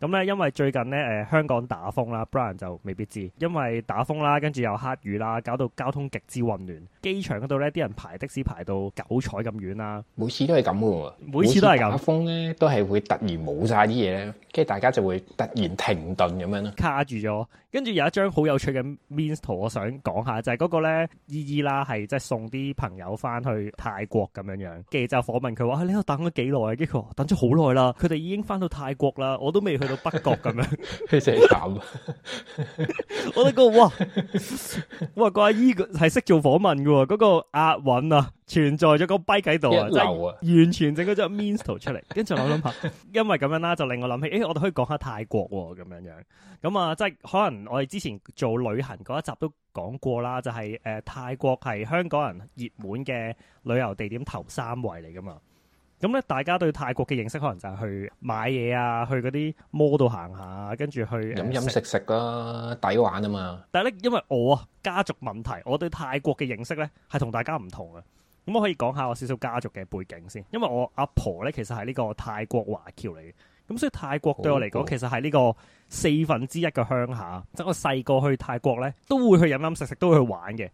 咁咧，因為最近咧，誒、呃、香港打風啦，Brian 就未必知，因為打風啦，跟住又黑雨啦，搞到交通極之混亂，機場嗰度咧，啲人排的士排到九彩咁遠啦。每次都係咁喎，每次都係咁。打風咧，都係會突然冇晒啲嘢咧，跟住大家就會突然停頓咁樣咯。卡住咗，跟住有一張好有趣嘅 meme 圖，我想講下就係、是、嗰個咧，依依啦，係即係送啲朋友翻去泰國咁樣樣，跟住就訪問佢話：喺呢度等咗幾耐？跟住佢話：等咗好耐啦，佢哋已經翻到泰國啦，我都未去。 到北角咁樣、 那個，其實係咁，我哋個哇，哇阿、那個阿姨係識做訪問嘅，嗰個阿允啊存在咗個跛喺度啊，流完全整嗰張 m i n s t o l 出嚟。跟住我諗下，因為咁樣啦，就令我諗起，誒、欸，我哋可以講下泰國咁、啊、樣樣，咁、嗯、啊，即係可能我哋之前做旅行嗰一集都講過啦，就係、是、誒、呃、泰國係香港人熱門嘅旅遊地點頭三位嚟噶嘛。咁咧，大家對泰國嘅認識可能就係去買嘢啊，去嗰啲摩度行下，跟住去、呃、飲飲食食啦、啊，抵玩啊嘛！但係咧，因為我啊家族問題，我對泰國嘅認識咧係同大家唔同嘅。咁我可以講下我少少家族嘅背景先。因為我阿婆咧其實係呢個泰國華僑嚟嘅，咁所以泰國對我嚟講其實係呢個四分之一嘅鄉下。即係好我細個去泰國咧，都會去飲飲食食，都會去玩嘅。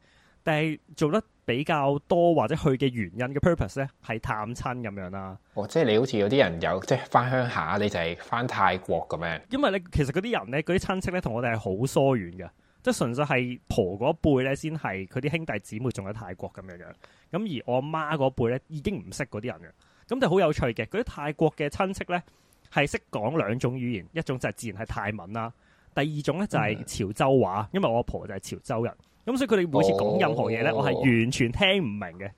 但係做得比較多或者去嘅原因嘅 purpose 咧，係探親咁樣啦。哦，即係你好似有啲人有即係返鄉下，你就係返泰國咁樣。因為你其實嗰啲人咧，嗰啲親戚咧，同我哋係好疏遠嘅，即係純粹係婆嗰輩咧，先係佢啲兄弟姊妹仲喺泰國咁樣樣。咁而我媽嗰輩咧已經唔識嗰啲人嘅。咁就好有趣嘅，嗰啲泰國嘅親戚咧係識講兩種語言，一種就係自然係泰文啦，第二種咧就係、係、潮州話，嗯、因為我阿婆，婆就係潮州人。咁、嗯、所以佢哋每次講任何嘢咧，我係完全聽唔明嘅。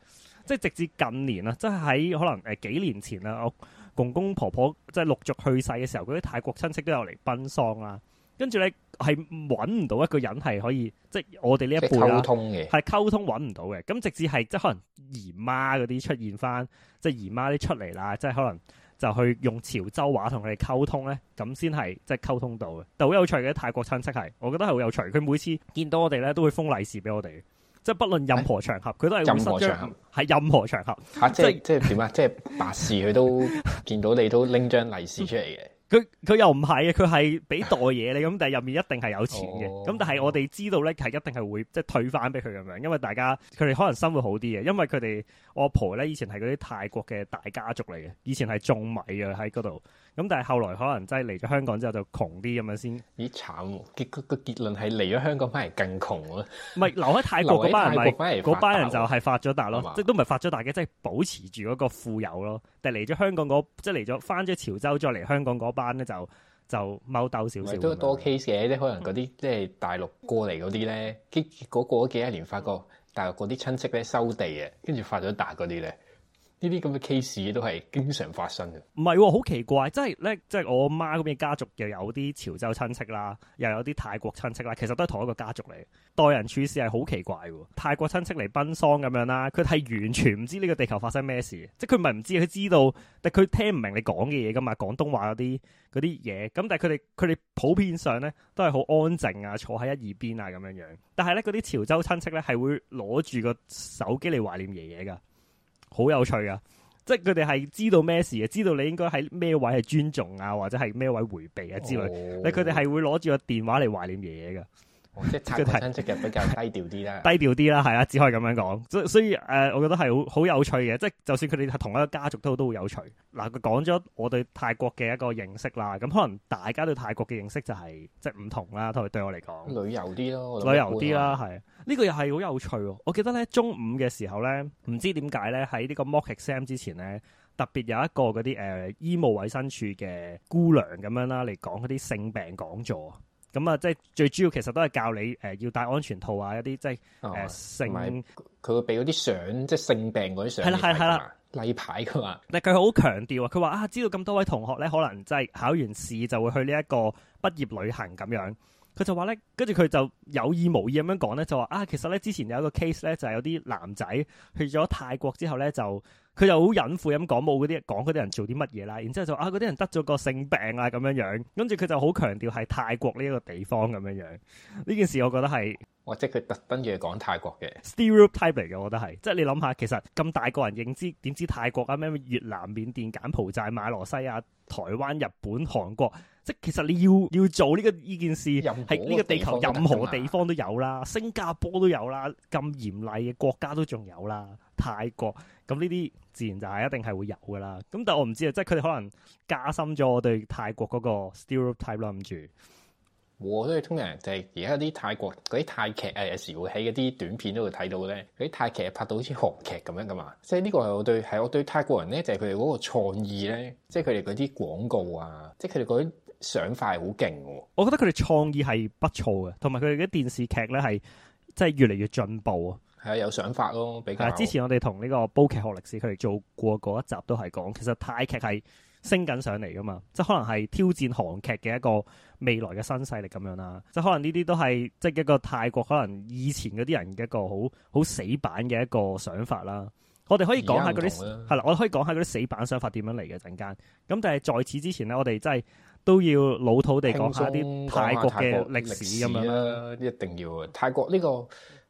即係直至近年啦，即係喺可能誒幾年前啦，我公公婆婆婆即係陸續去世嘅時候，佢啲泰國親戚都有嚟奔喪啦。跟住咧係揾唔到一個人係可以，即係我哋呢一輩啦，係溝通揾唔到嘅。咁直至係即係可能姨媽嗰啲出現翻，即係姨媽啲出嚟啦，即係可能。就去用潮州話同佢哋溝通呢，咁先係即係溝通到嘅。但好有趣嘅，泰國親戚係，我覺得係好有趣。佢每次見到我哋呢，都會封利是俾我哋，即係不論任何場合，佢、欸、都係任何場合係任何場合嚇。即係即係點啊？即係 白事佢都見到你都拎張利是出嚟嘅。 佢佢又唔係啊！佢係俾袋嘢你咁，但係入面一定係有錢嘅。咁、哦哦哦、但係我哋知道咧，係一定係會即係退翻俾佢咁樣，因為大家佢哋可能生活好啲嘅。因為佢哋我阿婆咧以前係嗰啲泰國嘅大家族嚟嘅，以前係種米嘅喺嗰度。咁但係後來可能真係嚟咗香港之後就窮啲咁樣先，咦慘、哦！結個結論係嚟咗香港反而更窮咯。唔係 留喺泰國嗰班人，咪嗰班人就係、係、發咗達咯，即都唔係發咗達嘅，即係保持住嗰個富有咯。但係嚟咗香港嗰即係嚟咗返咗潮州再嚟香港嗰班咧就就貓兜少少都多 case 嘅，即可能嗰啲即係大陸過嚟嗰啲咧，結果過咗幾年發覺大陸嗰啲親戚咧收地啊，跟住發咗達嗰啲咧。呢啲咁嘅 case 都係經常發生嘅，唔係喎。好奇怪，即係咧，即係我阿媽嗰邊家族又有啲潮州親戚啦，又有啲泰國親戚啦，其實都係同一個家族嚟。待人處事係好奇怪喎，泰國親戚嚟奔喪咁樣啦，佢係完全唔知呢個地球發生咩事，即係佢唔係唔知，佢知道，但佢聽唔明你講嘅嘢噶嘛，廣東話嗰啲嗰啲嘢。咁但係佢哋佢哋普遍上咧都係好安靜啊，坐喺一邊啊咁樣樣。但係咧嗰啲潮州親戚咧係會攞住個手機嚟懷念爺爺噶。好有趣啊！即係佢哋係知道咩事嘅，知道你應該喺咩位係尊重啊，或者係咩位回避啊之類。你佢哋係會攞住個電話嚟懷念爺爺嘅。哦、即係親戚比較低調啲啦， 低調啲啦，係啦，只可以咁樣講。所所以誒、呃，我覺得係好好有趣嘅，即係就算佢哋同一個家族，都都好有趣。嗱、呃，佢講咗我對泰國嘅一個認識啦。咁、嗯、可能大家對泰國嘅認識就係即係唔同啦。同埋對我嚟講，旅遊啲咯，旅遊啲啦，係呢、這個又係好有趣。我記得咧中午嘅時候咧，唔知點解咧喺呢個 mock exam 之前咧，特別有一個嗰啲誒醫務衛生處嘅姑娘咁樣啦嚟講嗰啲性病講座。咁啊，即係最主要，其實都係教你誒、呃，要戴安全套啊，一啲即係誒性，佢會俾嗰啲相，即係性病嗰啲相。係啦，係啦，係啦，例牌佢啊。但係佢好強調啊，佢話啊，知道咁多位同學咧，可能即係考完試就會去呢一個畢業旅行咁樣。佢就話咧，跟住佢就有意無意咁樣講咧，就話啊，其實咧之前有一個 case 咧，就係、是、有啲男仔去咗泰國之後咧就。佢就好隱晦咁講冇嗰啲講嗰啲人做啲乜嘢啦，然之後就啊嗰啲人得咗個性病啊咁樣樣，跟住佢就好強調係泰國呢一個地方咁樣樣。呢件事我我，我覺得係，或者佢特登嘢講泰國嘅 stereotype 嚟嘅，我覺得係，即係你諗下，其實咁大個人認知點知泰國啊咩越南、緬甸、柬埔寨、馬來西亞、台灣、日本、韓國。即其實你要你要做呢、這個依件事，係呢個地球任何地，任何地方都有啦，新加坡都有啦，咁嚴厲嘅國家都仲有啦，泰國咁呢啲自然就係一定係會有噶啦。咁但係我唔知啊，即係佢哋可能加深咗我對泰國嗰個 stereotype 諗住，我都係通常就係而家啲泰國嗰啲泰劇啊，有時會喺嗰啲短片都會睇到咧。嗰啲泰劇拍到好似韓劇咁樣噶嘛，即係呢個係我對係我對泰國人咧，就係佢哋嗰個創意咧，即係佢哋嗰啲廣告啊，即係佢哋嗰。想法係好勁喎，我覺得佢哋創意係不錯嘅，同埋佢哋嗰啲電視劇咧係即係越嚟越進步啊。係啊，有想法咯，比較。之前我哋同呢個煲劇學歷史，佢哋做過嗰一集都係講，其實泰劇係升緊上嚟噶嘛，即係可能係挑戰韓劇嘅一個未來嘅新勢力咁樣啦。即係可能呢啲都係即係一個泰國可能以前嗰啲人嘅一個好好死板嘅一個想法啦。我哋可以講下嗰啲係啦，我哋可以講下嗰啲死板想法點樣嚟嘅陣間。咁但係在此之前咧，我哋真係。都要老土地講下啲泰國嘅歷史咁樣啦，一定要泰國呢個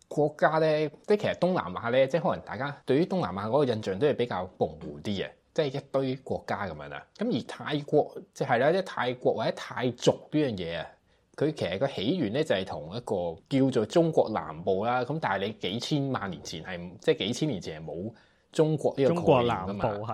國家咧，即係其實東南亞咧，即係可能大家對於東南亞嗰個印象都係比較模糊啲嘅，即係一堆國家咁樣啦。咁而泰國即係啦，即係泰國或者泰族呢樣嘢啊，佢其實個起源咧就係同一個叫做中國南部啦。咁但係你幾千萬年前係即係幾千年前係冇中國呢個概念噶嘛？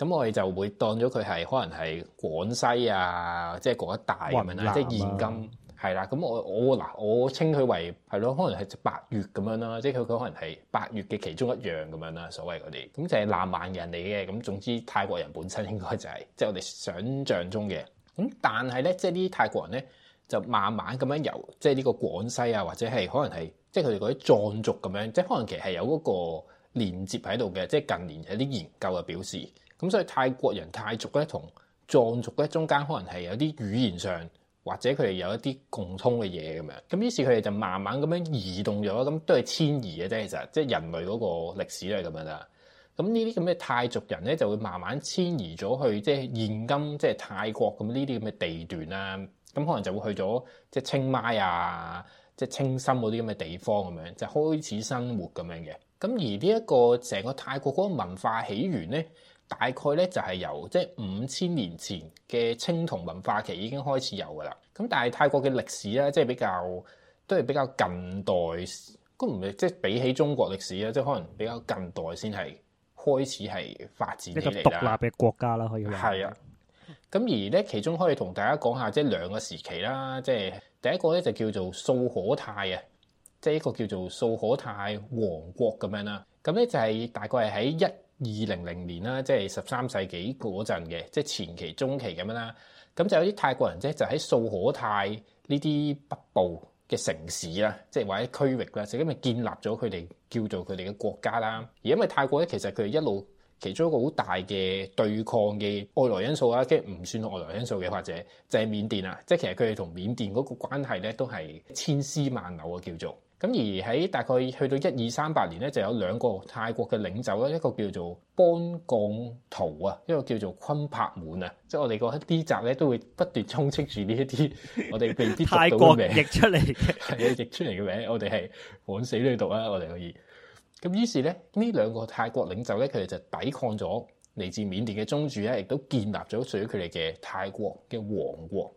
咁我哋就會當咗佢係可能係廣西啊，即係嗰一帶咁樣啦，雲南即係現今。係啦。咁我我嗱，我稱佢為係咯，可能係百越咁樣啦，即係佢佢可能係百越嘅其中一樣咁樣啦。所謂嗰啲咁就係南蠻人嚟嘅。咁總之泰國人本身應該就係、是、即係我哋想象中嘅咁。但係咧，即係呢啲泰國人咧就慢慢咁樣由即係呢個廣西啊，或者係可能係即係佢哋嗰啲壯族咁樣，即係可能其實係有嗰個連接喺度嘅。即係近年有啲研究嘅表示。咁所以泰國人泰族咧同藏族咧中間可能係有啲語言上或者佢哋有一啲共通嘅嘢咁樣。咁於是佢哋就慢慢咁樣移動咗，咁都係遷移嘅啫。其實即係人類嗰個歷史都係咁樣啦。咁呢啲咁嘅泰族人咧就會慢慢遷移咗去即係現今即係泰國咁呢啲咁嘅地段啦。咁可能就會去咗即係清邁啊、即係清心嗰啲咁嘅地方咁樣就開始生活咁樣嘅。咁而呢、這、一個成個泰國嗰個文化起源咧。大概咧就係由即係五千年前嘅青銅文化期已經開始有噶啦，咁但係泰國嘅歷史咧即係比較都係比較近代，都唔係即係比起中國歷史咧，即係可能比較近代先係開始係發展起一嚟獨立嘅國家啦，可以係啊。咁而咧其中可以同大家講下即係兩個時期啦，即係第一個咧就叫做素可泰啊，即係一個叫做素可泰王國咁樣啦。咁咧就係大概係喺一二零零年啦，即係十三世紀嗰陣嘅，即係前期中期咁樣啦。咁就有啲泰國人咧，就喺素可泰呢啲北部嘅城市啦，即係或者區域啦，就因為建立咗佢哋叫做佢哋嘅國家啦。而因為泰國咧，其實佢哋一路其中一個好大嘅對抗嘅外來因素啦，即係唔算外來因素嘅，或者就係緬甸啦。即係其實佢哋同緬甸嗰個關係咧，都係千絲萬縷啊，叫做。咁而喺大概去到一二三八年咧，就有兩個泰國嘅領袖啦，一個叫做邦降圖啊，一個叫做坤柏滿啊，即係我哋個一啲集咧都會不斷充斥住呢一啲我哋未必讀到嘅名，泰國譯出嚟，係啊譯出嚟嘅名，我哋係 往死裏讀啦。我哋可以。咁於是咧，呢兩個泰國領袖咧，佢哋就抵抗咗嚟自緬甸嘅宗主咧，亦都建立咗屬於佢哋嘅泰國嘅王國。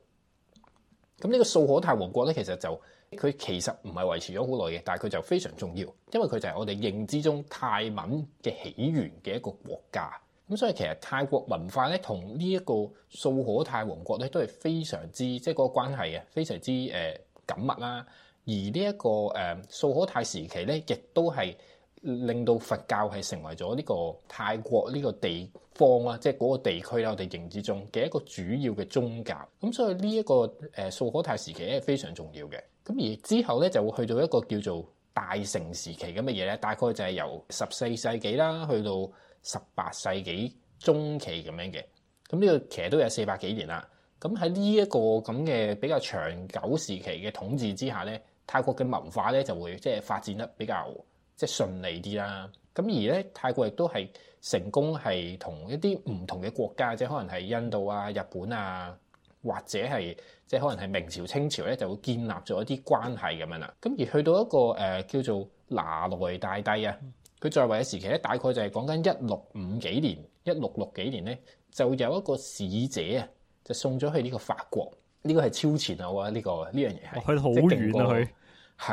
咁呢個素可泰王國咧，其實就佢其實唔係維持咗好耐嘅，但係佢就非常重要，因為佢就係我哋認知中泰文嘅起源嘅一個國家。咁、嗯、所以其實泰國文化咧，同呢一個素可泰王國咧，都係非常之即係嗰個關係非常之誒緊、呃、密啦、啊。而呢、這、一個誒、呃、素可泰時期咧，亦都係令到佛教係成為咗呢個泰國呢個地方啦、啊，即係嗰個地區啦，我哋認知中嘅一個主要嘅宗教。咁、嗯、所以呢、這、一個誒、呃、素可泰時期咧係非常重要嘅。咁而之後咧就會去到一個叫做大城時期咁嘅嘢咧，大概就係由十四世紀啦，去到十八世紀中期咁樣嘅。咁呢個其實都有四百幾年啦。咁喺呢一個咁嘅比較長久時期嘅統治之下咧，泰國嘅文化咧就會即係發展得比較即係順利啲啦。咁而咧泰國亦都係成功係同一啲唔同嘅國家，即係可能係印度啊、日本啊。或者係即係可能係明朝清朝咧，就會建立咗一啲關係咁樣啦。咁而去到一個誒叫做拿萊大帝啊，佢在位嘅時期咧，大概就係講緊一六五幾年、一六六幾年咧，就有一個使者啊，就送咗去呢個法國。呢個係超前啊！我覺得呢個呢樣嘢，係去到好遠啊！佢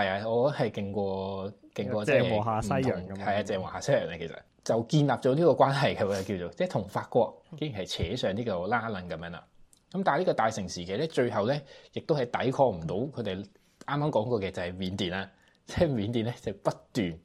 係啊，我係勁過勁過即係華夏西洋咁。係啊，即係華夏西洋啊，其實就建立咗呢個關係嘅叫做，即係同法國竟然係扯上呢個拉攏咁樣啦。咁但係呢個大城時期咧，最後咧，亦都係抵抗唔到佢哋。啱啱講過嘅就係緬甸啦，即係緬甸咧就不斷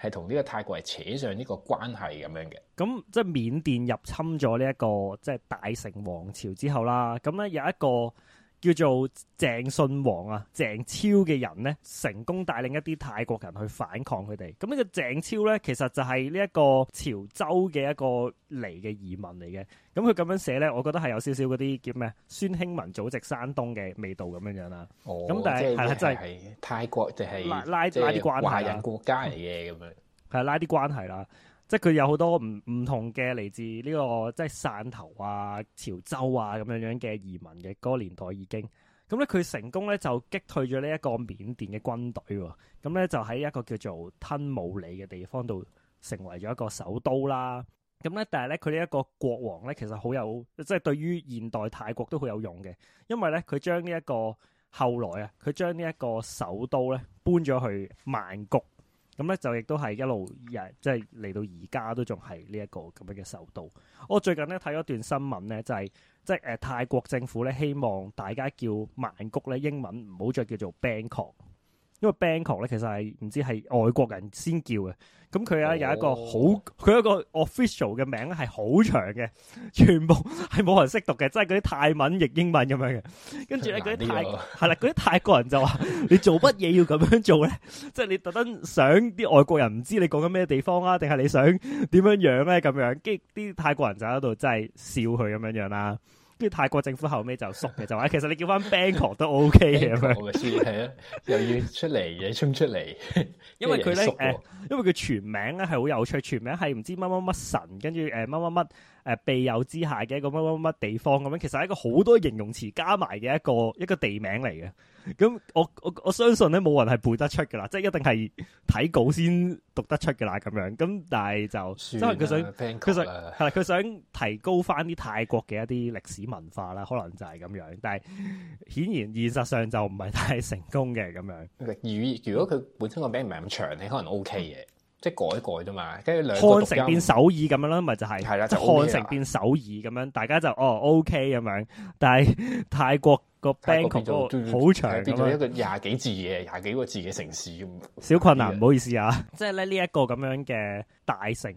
係同呢個泰國係扯上呢個關係咁樣嘅。咁即係緬甸入侵咗呢一個即係、就是、大城王朝之後啦，咁咧有一個，叫做鄭信王啊，鄭超嘅人咧，成功帶領一啲泰國人去反抗佢哋。咁呢個鄭超咧，其實就係呢一個潮州嘅一個嚟嘅移民嚟嘅。咁佢咁樣寫咧，我覺得係有少少嗰啲叫咩？孫興文祖籍山東嘅味道咁樣樣啦。哦，咁但係係啦，就係是泰國就、就、係、是、拉、就是、拉啲關係啦，華人國家嚟嘅咁樣，係拉啲關係啦。即係佢有好多唔唔同嘅嚟自呢個即係汕頭啊、潮州啊咁樣樣嘅移民嘅嗰個年代已經，咁咧佢成功咧就擊退咗呢一個緬甸嘅軍隊喎，咁咧就喺一個叫做吞武里嘅地方度成為咗一個首都啦。咁咧但係咧佢呢一個國王咧其實好有，即係對於現代泰國都好有用嘅，因為咧佢將呢一個後來啊，佢將呢一個首都咧搬咗去曼谷。咁咧、嗯、就亦都係一路，啊、即係嚟到而家都仲係呢一個咁樣嘅首都。我、哦、最近咧睇咗一段新聞咧，就係即係誒泰國政府咧希望大家叫曼谷咧英文唔好再叫做 Bangkok。因為 Bangkok 咧其實係唔知係外國人先叫嘅，咁佢咧有一個好，佢、oh. 一個 official 嘅名係好長嘅，全部係冇人識讀嘅，即係嗰啲泰文譯英文咁樣嘅。跟住咧嗰啲泰係啦，啲 泰國人就話： 你做乜嘢要咁樣做咧？即、就、係、是、你特登想啲外國人唔知你講緊咩地方啊？定係你想點樣樣咧咁樣？跟住啲泰國人就喺度真係笑佢咁樣樣、啊、啦。啲泰國政府後尾就縮嘅， 就話其實你叫翻 Bangkok 都 OK 嘅咁樣，我咪先係啊，又要出嚟嘢衝出嚟，因為佢咧，因為佢全名咧係好有趣，全名係唔知乜乜乜神，跟住誒乜乜乜。呃什麼什麼誒，庇佑之下嘅一個乜乜乜地方咁樣，其實係一個好多形容詞加埋嘅一個一個地名嚟嘅。咁我我我相信咧，冇人係背得出噶啦，即係一定係睇稿先讀得出噶啦咁樣。咁但係就，即係佢想，佢想係佢想提高翻啲泰國嘅一啲歷史文化啦，可能就係咁樣。但係顯然，現實上就唔係太成功嘅咁樣。如如果佢本身個名唔係咁長，你可能 OK 嘅。即係改一改啫嘛，跟住漢城變首爾咁樣咯，咪就係、係就係，即係漢城變首爾咁樣，OK、大家就哦 OK 咁樣，但係泰國。個 bank 好長啊，變咗一個廿幾字嘅，廿幾個字嘅城市咁，小困難唔好意思啊，即係咧呢一個咁樣嘅大城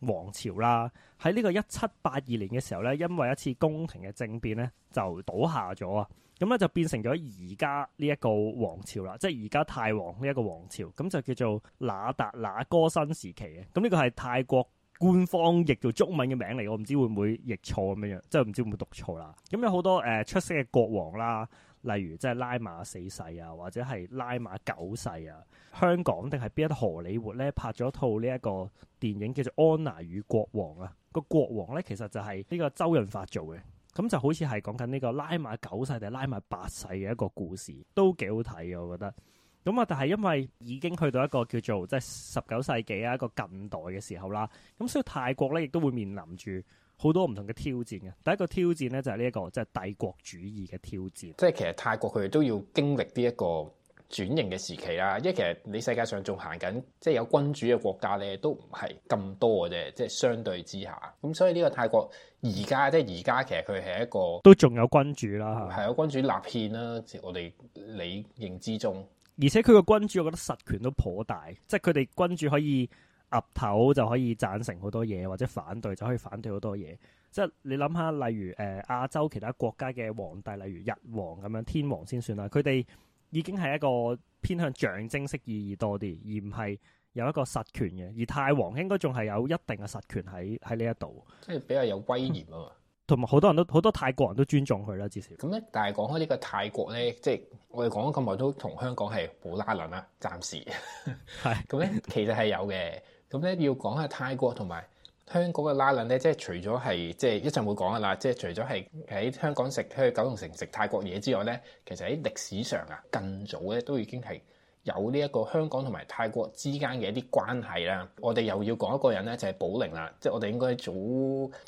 王朝啦。喺呢個一七八二年嘅時候咧，因為一次宮廷嘅政變咧就倒下咗啊。咁咧就變成咗而家呢一個王朝啦，即係而家泰皇呢一個王朝咁就叫做拉達那哥新時期嘅。咁呢個係泰國官方譯做中文嘅名嚟，我唔知會唔會譯錯咁樣，即係唔知會唔會讀錯啦。咁、嗯、有好多誒、呃、出色嘅國王啦，例如即係拉瑪四世啊，或者係拉瑪九世啊。香港定係邊一荷里活咧拍咗套呢一個電影叫做《安娜與國王》啊。個國王咧其實就係呢個周潤發做嘅，咁、嗯、就好似係講緊呢個拉瑪九世定係拉瑪八世嘅一個故事，都幾好睇嘅。我覺得。咁啊，但係因為已經去到一個叫做即係十九世紀啊，一個近代嘅時候啦，咁所以泰國咧亦都會面臨住好多唔同嘅挑戰嘅。第一個挑戰咧就係呢一個即係、就是、帝國主義嘅挑戰。即係其實泰國佢哋都要經歷呢一個轉型嘅時期啦。因為其實你世界上仲行緊即係有君主嘅國家咧，都唔係咁多嘅啫。即係相對之下，咁所以呢個泰國而家即係而家其實佢係一個都仲有君主啦，係有君主立憲啦。的我哋理認之中。而且佢個君主，我覺得實權都頗大，即係佢哋君主可以岌頭就可以贊成好多嘢，或者反對就可以反對好多嘢。即係你諗下，例如誒亞洲其他國家嘅皇帝，例如日王咁樣，天王先算啦，佢哋已經係一個偏向象徵式意義多啲，而唔係有一個實權嘅。而泰皇應該仲係有一定嘅實權喺喺呢一度，即係比較有威嚴啊。嗯同埋好多人都好多泰國人都尊重佢啦，至少咁咧。但係講開呢個泰國咧，即係我哋講咗咁耐都同香港係冇拉更啦，啊，暫時係咁咧。其實係有嘅。咁咧要講下泰國同埋香港嘅拉更咧，即係除咗係即係一陣會講噶啦，即係除咗係喺香港食去九龍城食泰國嘢之外咧，其實喺歷史上啊，更早咧都已經係有呢一個香港同埋泰國之間嘅一啲關係啦。我哋又要講一個人咧，就係、是、寶靈啦，即係我哋應該早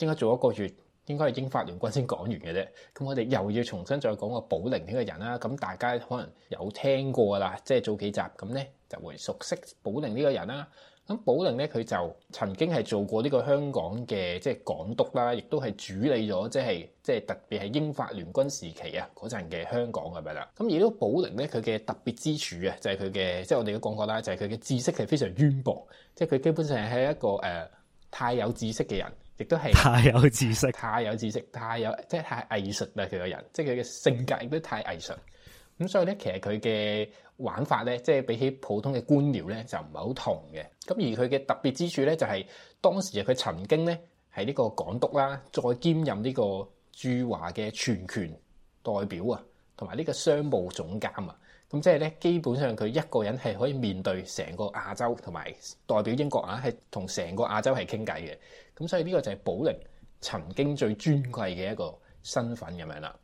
應該做一個月。應該係英法聯軍先講完嘅啫，咁我哋又要重新再講個寶靈呢個人啦。咁大家可能有聽過啦，即係早幾集咁咧就會熟悉寶靈呢個人啦。咁寶靈咧佢就曾經係做過呢個香港嘅即係港督啦，亦都係主理咗、就是、即係即係特別係英法聯軍時期啊嗰陣嘅香港係咪啦？咁而呢個寶靈咧佢嘅特別之處啊，就係佢嘅即係我哋都講過啦，就係佢嘅知識係非常淵博，即係佢基本上係一個誒、呃、太有知識嘅人。亦都係太，太有知識，太有知識，太有即係太藝術啦！佢個人，即係佢嘅性格，亦都太藝術。咁所以咧，其實佢嘅玩法咧，即係比起普通嘅官僚咧，就唔係好同嘅。咁而佢嘅特別之處咧，就係、是、當時啊，佢曾經咧喺呢個港督啦，再兼任呢個駐華嘅全權代表啊，同埋呢個商務總監啊。咁即係咧，基本上佢一個人係可以面對成個亞洲，同埋代表英國啊，係同成個亞洲係傾偈嘅。咁所以呢個就係寶靈曾經最尊貴嘅一個身份咁樣啦。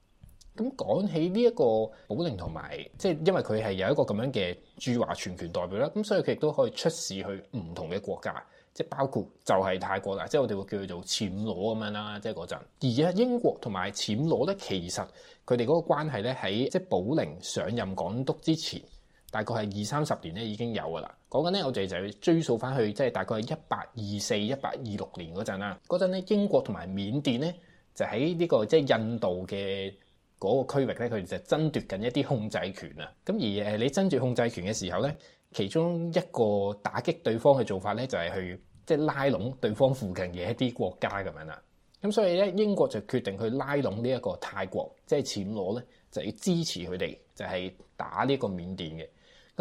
咁講起呢一個寶靈同埋，即係因為佢係有一個咁樣嘅駐華全權代表啦，咁所以佢亦都可以出使去唔同嘅國家，即係包括就係泰國啦，即係我哋會叫佢做暹羅咁樣啦，即係嗰陣。而啊英國同埋暹羅咧，其實佢哋嗰個關係咧，喺即係寶靈上任港督之前，大概係二三十年咧已經有㗎啦。講緊咧，我哋就要追溯翻去，即、就、係、是、大概一八二四、一八二六年嗰陣啦。嗰陣咧，英國同埋緬甸咧，就喺呢、這個即係、就是、印度嘅嗰個區域咧，佢哋就爭奪緊一啲控制權啦。咁而誒，你爭奪控制權嘅時候咧，其中一個打擊對方嘅做法咧，就係、是、去即係、就是、拉攏對方附近嘅一啲國家咁樣啦。咁所以咧，英國就決定去拉攏呢一個泰國，即係暹羅咧，就要支持佢哋，就係、是、打呢一個緬甸嘅。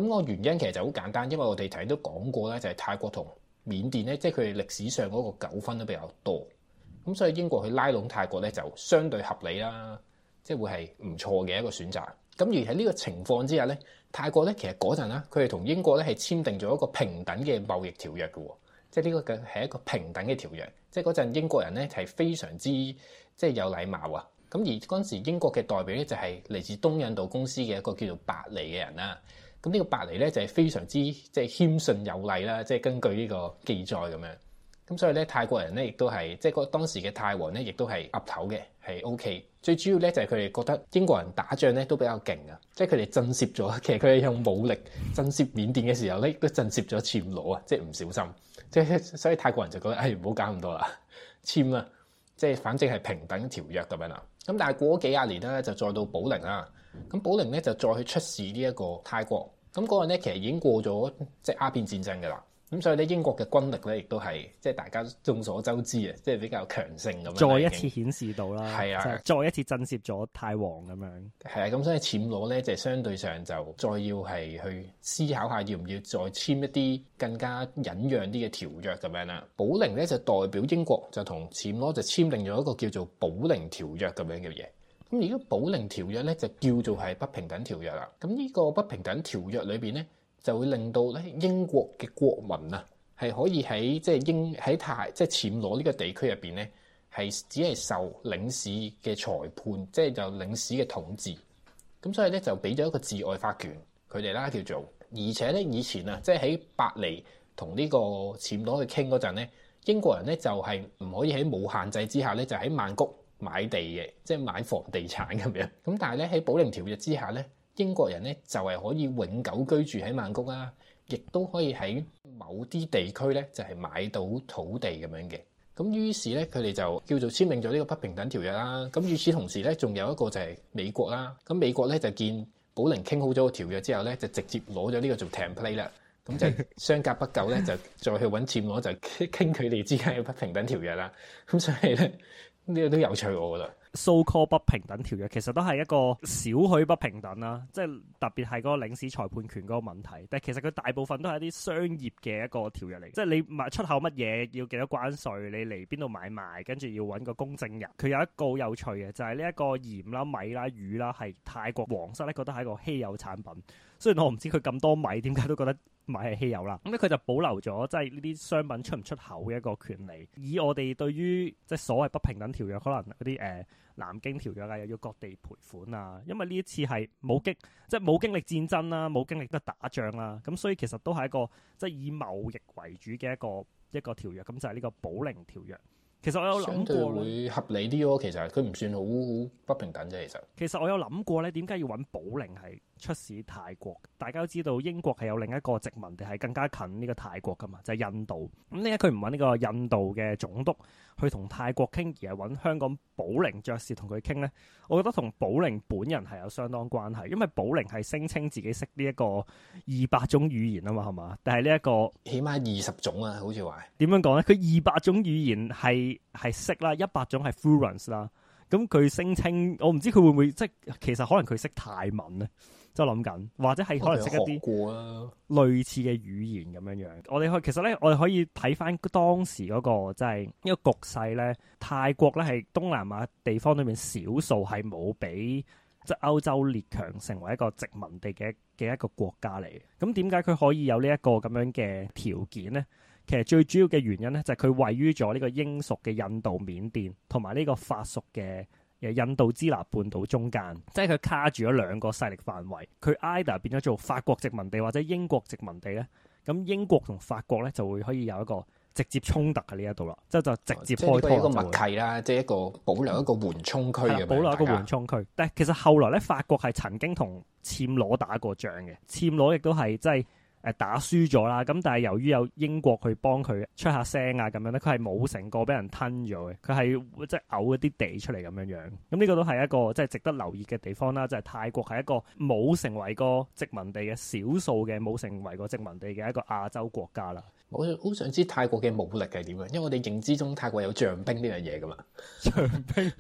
咁個原因其實就好簡單，因為我哋之前都講過咧，就係泰國同緬甸咧，即係佢歷史上嗰個糾紛都比較多。咁所以英國去拉攏泰國咧，就相對合理啦，即係會係唔錯嘅一個選擇。咁而喺呢個情況之下咧，泰國咧其實嗰陣啦，佢哋同英國咧係簽訂咗一個平等嘅貿易條約嘅，即係呢個嘅係一個平等嘅條約。即係嗰陣英國人咧係非常之即係有禮貌啊。咁而嗰陣時英國嘅代表咧就係嚟自東印度公司嘅一個叫做白利嘅人啦。咁呢個白尼咧就係非常之即係謙信有禮啦，即係根據呢個記載咁樣。咁所以咧泰國人咧亦都係即係個當時嘅泰王咧亦都係岌頭嘅，係 O K。最主要咧就係佢哋覺得英國人打仗咧都比較勁啊，即係佢哋震攝咗。其實佢哋用武力震攝緬甸嘅時候咧都震攝咗暹羅啊，即係唔小心。即係所以泰國人就覺得，唉，唔好搞咁多啦，簽啦，即係反正係平等條約咁樣啦。咁但係過咗幾廿年咧，就再到寶靈啦。咁保寧咧就再去出使呢一個泰國，咁嗰個咧其實已經過咗即係鴉片戰爭嘅啦。咁所以咧英國嘅軍力咧亦都係即係大家眾所周知啊，即係比較強盛咁樣。再一次顯示到啦，係啊，再一次震懾咗泰王咁樣。係啊，咁所以暹羅咧就係相對上就再要係去思考下，要唔要再簽一啲更加忍讓啲嘅條約咁樣啦。保寧咧就代表英國就同暹羅就簽訂咗一個叫做保寧條約咁樣嘅嘢。咁而家《保寧條約》咧就叫做係不平等條約啦。咁呢個不平等條約裏邊咧，就會令到咧英國嘅國民啊，係可以喺即係英喺泰即係暹羅呢個地區入邊咧，係只係受領事嘅裁判，即係就領事嘅統治。咁所以咧就俾咗一個治外法權佢哋啦，叫做。而且咧以前啊，即係喺伯尼同呢個暹羅去傾嗰陣咧，英國人咧就係唔可以喺冇限制之下咧，就喺曼谷買地嘅，即係買房地產咁樣。咁 但係咧，喺《保寧條約》之下咧，英國人咧就係可以永久居住喺曼谷啦，亦都可以喺某啲地區咧就係買到土地咁樣嘅。咁 於是咧，佢哋就叫做簽訂咗呢個不平等條約啦。咁與此同時咧，仲有一個就係美國啦。咁美國咧就見保寧傾好咗個條約之後咧，就直接攞咗呢個做 template 啦。咁 就相隔不久咧，就再去揾佔攞暹羅，就傾佢哋之間嘅不平等條約啦。咁所以咧。呢個都有趣，我覺得。so-called 不平等條約其實都係一個少許不平等啦，即係特別係嗰個領事裁判權嗰個問題。但係其實佢大部分都係一啲商業嘅一個條約嚟，即係你賣出口乜嘢要幾多關稅，你嚟邊度買賣，跟住要揾個公證人。佢有一個有趣嘅就係呢一個鹽啦、米啦、魚啦，係泰國皇室咧覺得係一個稀有產品。雖然我唔知佢咁多米點解都覺得米係稀有啦。咁咧，佢就保留咗即係呢啲商品出唔出口嘅一個權利。以我哋對於即係所謂不平等條約，可能嗰啲誒南京條約啊，又要各地賠款啊。因為呢一次係冇經即係冇經歷戰爭啦，冇經歷得打仗啦。咁所以其實都係一個即係、就是、以貿易為主嘅一個一個條約。咁就係、是、呢個《保寧條約》。其實我有諗過會合理啲咯，哦。其實佢唔算好不平等啫。其實其實我有諗過咧，點解要揾保寧係出使泰國，大家都知道英國係有另一個殖民地係更加近呢個泰國噶嘛，就係、是、印度。咁點解佢唔揾呢個印度嘅總督去同泰國傾，而係揾香港寶靈爵士同佢傾呢？我覺得同寶靈本人係有相當關係，因為寶靈係聲稱自己識呢一個二百種語言啊嘛，係嘛？但係呢一個，起碼二十種啊，好似話點樣講呢？佢二百種語言係係識啦，一百種係 fluence 啦。咁佢聲稱，我唔知佢會唔會即係其實可能佢識泰文呢。即係諗緊，或者係可能識一啲類似嘅語言咁樣樣。 我哋可其實咧，我哋可以睇翻當時嗰個即係一個局勢咧。泰國咧係東南亞地方裏面少數係冇俾即係歐洲列強成為一個殖民地嘅嘅一個國家嚟。咁點解佢可以有呢一個咁樣嘅條件咧？其實最主要嘅原因咧，就係佢位於咗呢個英屬嘅印度緬甸，同埋呢個法屬嘅。印度支那半島中間，即係佢卡住咗兩個勢力範圍，佢 either 變咗做法國殖民地或者英國殖民地呢，咁英國同法國呢就會可以有一個直接衝突喺呢一度啦，哦、即係就直接開拖。個，個默契啦，會即係一個保留一個緩衝區咁樣大家。保留一個緩衝區，但係其實後來呢，法國係曾經同暹羅打過仗嘅，暹羅亦都係即係。誒打輸咗啦，咁但係由於有英國去幫佢出下聲啊，咁樣咧，佢係冇成個俾人吞咗嘅，佢係即係嘔一啲地出嚟咁樣樣。咁呢個都係一個即係值得留意嘅地方啦，就係泰國係一個冇成為過殖民地嘅少數嘅冇成為過殖民地嘅一個亞洲國家啦。我好想知泰國嘅武力係點樣？因為我哋認知中泰國有象兵呢樣嘢噶嘛，象兵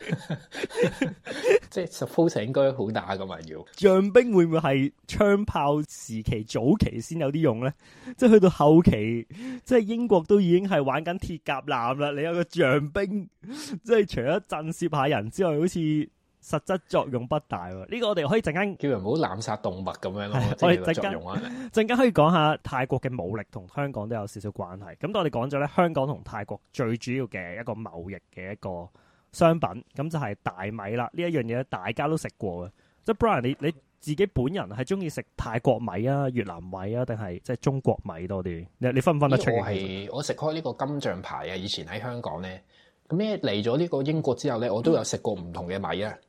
即係 suppose 應該好打噶嘛要。象兵會唔會係槍炮時期早期先有？啲用咧，即係去到後期，即係英國都已經係玩緊鐵甲艦啦。你有個象兵，即係除咗震懾下人之外，好似實質作用不大。呢個我哋可以陣間叫人唔好濫殺動物咁樣咯。我陣間陣間可以講下泰國嘅武力，同香港都有少少關係。咁我哋講咗咧，香港同泰國最主要嘅一個貿易嘅一個商品，咁就係大米啦。呢一樣嘢大家都食過嘅。即係 Brian，你你。自己本人係中意食泰國米啊、越南米啊，定係即係中國米多啲？你你分唔分得清？我係我食開呢個金象牌啊！以前喺香港咧，咁咩嚟咗呢個英國之後咧，我都有食過唔同嘅米啊。嗯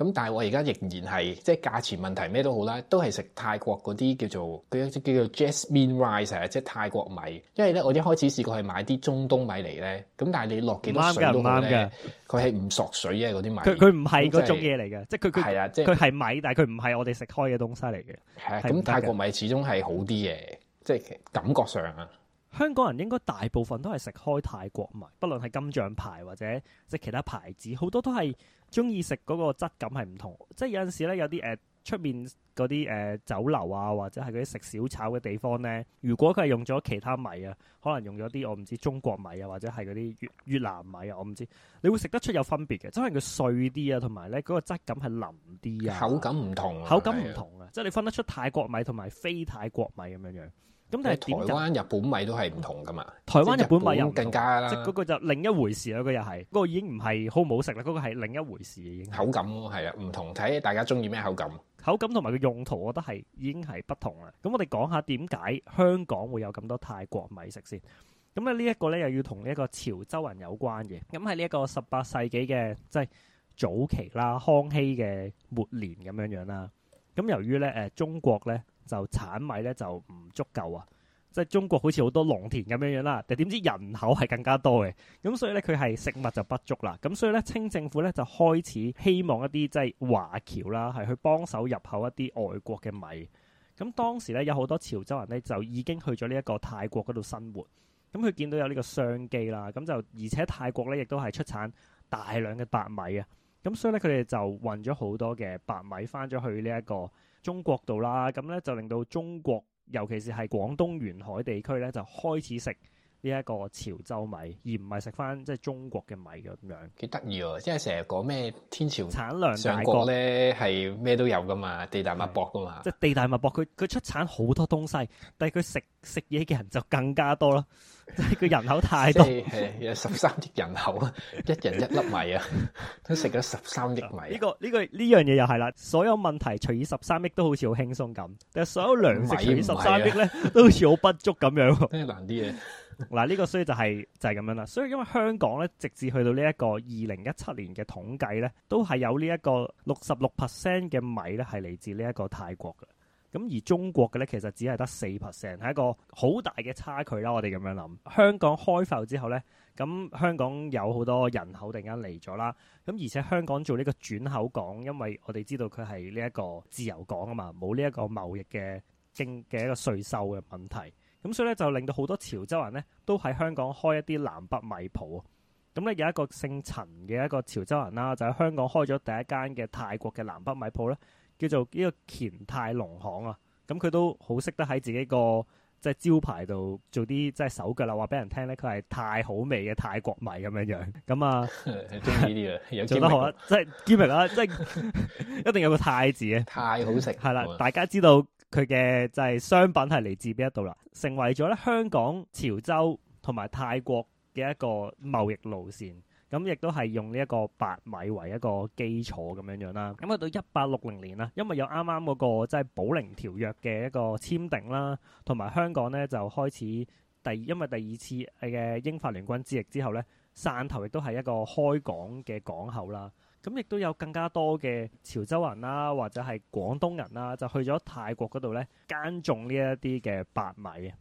咁但係我而家仍然係即係價錢問題咩都好啦，都係食泰國嗰啲叫做佢有隻叫做 jasmine rice 啊，即係泰國米。因為咧我一開始試過係買啲中東米嚟咧，咁但係你落幾多水都冇嘅。佢係唔索水嘅嗰啲米。佢佢唔係嗰種嘢嚟嘅，即係佢佢係啊，即係佢係米，但係佢唔係我哋食開嘅東西嚟嘅。係啊，咁泰國米始終係好啲嘅，即係感覺上啊。香港人應該大部分都係食開泰國米，不論係金象牌或者即係其他牌子，好多都係中意食嗰個質感係唔同。即係有陣時咧，有啲誒出面嗰啲誒酒樓啊，或者係嗰啲食小炒嘅地方咧，如果佢係用咗其他米啊，可能用咗啲我唔知中國米啊，或者係嗰啲越越南米啊，我唔知，你會食得出有分別嘅，即係可能佢碎啲啊，同埋咧嗰個質感係腍啲啊，口感唔同，口感唔同啊，的即係你分得出泰國米同埋非泰國米咁樣樣。咁但係台灣日本米都係唔同㗎嘛？台灣日本米又更加啦，即嗰個就另一回事啦、啊。嗰又係嗰個已經唔係好唔好食啦，嗰、嗰個係另一回事已、啊、經。口感咯，係啦，唔同睇大家中意咩口感。口感同埋個用途，我覺得係已經係不同啦。咁我哋講下點解香港會有咁多泰國米食先。咁啊呢一個咧又要同呢一個潮州人有關嘅。咁喺呢一個十八世紀嘅即係早期啦，康熙嘅末年咁樣樣啦。咁由於咧誒、呃、中國咧。就產米咧就唔足夠啊！即係中國好似好多農田咁樣樣啦，但點知人口係更加多嘅，咁所以咧佢係食物就不足啦。咁所以咧清政府咧就開始希望一啲即係華僑啦，係去幫手入口一啲外國嘅米。咁當時咧有好多潮州人咧就已經去咗呢一個泰國嗰度生活。咁佢見到有呢個商機啦，咁就而且泰國咧亦都係出產大量嘅白米啊。咁所以咧佢哋就運咗好多嘅白米翻咗去呢一個。中國度啦，咁咧就令到中國，尤其是係廣東沿海地區咧，就開始食，呢一個潮州米，而唔係食返即係中國嘅米咁樣，幾得意喎！即係成日講咩天朝產量大國咧，係咩都有㗎嘛，地大物博㗎嘛。即係地大物博，佢佢出產好多東西，但係佢食食嘢嘅人就更加多咯。即係佢人口太多，十三億人口啊， 一人一粒米啊，都食咗十三億米啊。呢、這個呢、這個呢樣嘢又係啦，所有問題除以十三億都好似好輕鬆咁，但係所有糧食除以十三億咧都好似好不足咁樣。真係難啲嘅。嗱，呢個所以就係就係咁樣啦。所以因為香港咧，直至去到呢一個二零一七年嘅統計咧，都係有呢一個六十六 percent 嘅米咧，係嚟自呢一個泰國嘅。咁而中國嘅咧，其實只係得四 percent，係一個好大嘅差距啦。我哋咁樣諗，香港開埠之後咧，咁香港有好多人口突然間嚟咗啦。咁而且香港做呢個轉口港，因為我哋知道佢係呢一個自由港啊嘛，冇呢一個貿易嘅經嘅一個稅收嘅問題。咁所以咧，就令到好多潮州人咧，都喺香港開一啲南北米鋪啊。咁、嗯、咧，有一個姓陳嘅一個潮州人啦、啊，就喺、是、香港開咗第一間嘅泰國嘅南北米鋪咧，叫做呢個乾泰農行啊。咁、嗯、佢都好識得喺自己個即係招牌度做啲即係手腳啦，話俾人聽咧，佢係太好味嘅泰國米咁樣樣。咁、嗯、啊，中意呢啲有做得好啊，即係 gaming 啊，即係 一定有個泰字啊，太好食係啦。大家知道。 佢嘅就係商品係嚟自邊一度啦，成為咗咧香港潮州同埋泰國嘅一個貿易路線，咁亦都係用呢一個白米為一個基礎咁樣樣啦。咁去到一八六零年啦，因為有啱啱嗰個即係《寶寧條約》嘅一個簽訂啦，同埋香港咧就開始第，因為第二次嘅英法聯軍之役之後咧，汕頭亦都係一個開港嘅港口啦。咁亦都有更加多嘅潮州人啦、啊，或者係廣東人啦、啊，就去咗泰國嗰度咧，耕種呢一啲嘅白米。啊。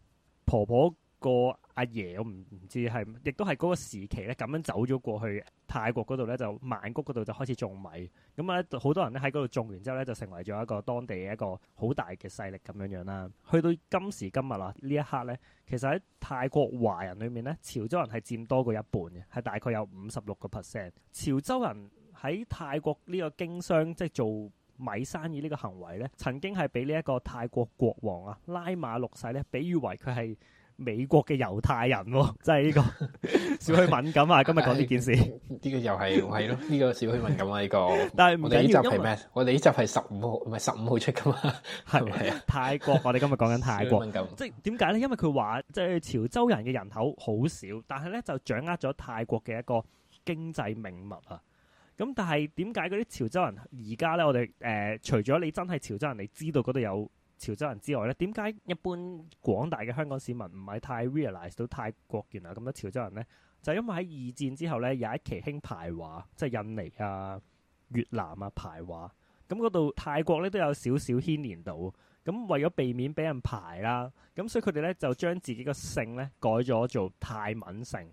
婆婆個阿爺，我唔唔知係，亦都係嗰個時期咧，咁樣走咗過去泰國嗰度咧，就曼谷嗰度就開始種米。咁啊，好多人咧喺嗰度種完之後咧，就成為咗一個當地嘅一個好大嘅勢力咁樣樣啦。去到今時今日啦，呢一刻咧，其實喺泰國華人裏面咧，潮州人係佔多過一半嘅，係大概有五十六個 percent 潮州人。喺泰國呢個經商即係做米生意呢個行為咧，曾經係俾呢一個泰國國王啊拉馬六世咧，比喻為佢係美國嘅猶太人喎、哦，即係呢個少許 敏感啊。 今日講呢件事，呢 個又係係咯，呢、 這個少許、這個、敏感啊。呢、這個，但係唔緊要，呢集係咩？因為？我哋呢集係十五號，唔係十五號出噶嘛，係唔係啊。泰國，我哋今日講緊泰國，敏感即係點解咧？因為佢話即係潮州人嘅人口好少，但係咧就掌握咗泰國嘅一個經濟命脈啊。咁但係點解嗰啲潮州人而家咧，我哋誒、呃、除咗你真係潮州人，你知道嗰度有潮州人之外咧，點解一般廣大嘅香港市民唔係太 realise 到泰國原來咁多潮州人咧？就是、因為喺二戰之後咧，有一期興排華，即係印尼啊、越南啊排華，咁嗰度泰國咧都有少少牽連到，咁為咗避免俾人排啦，咁所以佢哋咧就將自己嘅姓咧改咗做泰文姓。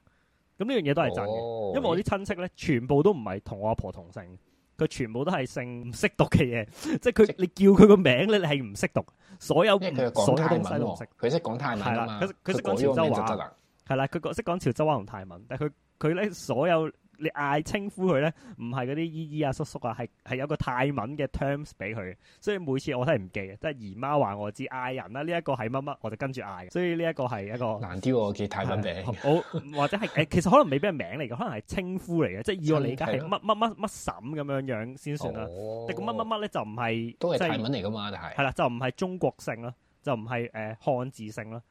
咁呢樣嘢都係真嘅，因為我啲親戚咧，全部都唔係同我阿婆，婆同姓，佢全部都係姓唔識讀嘅嘢，即係佢你叫佢個名咧，你係唔識讀，所有是是講泰文、啊、所有都唔識，識。佢識講泰文、啊，係啦的，佢佢識講潮州話就得啦，係啦，佢講識講潮州話同泰文，但係佢佢咧所有。你嗌稱呼佢咧，唔係嗰啲姨姨啊、叔叔啊，係係有個泰文嘅 terms 俾佢，所以每次我都係唔記得，即係姨媽話我知嗌人啦、啊，呢、這、一個係乜乜，我就跟住嗌。所以呢一個係一個難啲，記泰文名、呃。好，或者係誒、呃，其實可能未必係名嚟嘅，可能係稱呼嚟嘅， 即係以我理解乜乜乜乜嬸咁樣樣先算啦。但個乜乜乜咧就唔係都係泰文嚟㗎嘛，但係係啦，就唔係中國姓咯，就唔係誒漢字姓咯，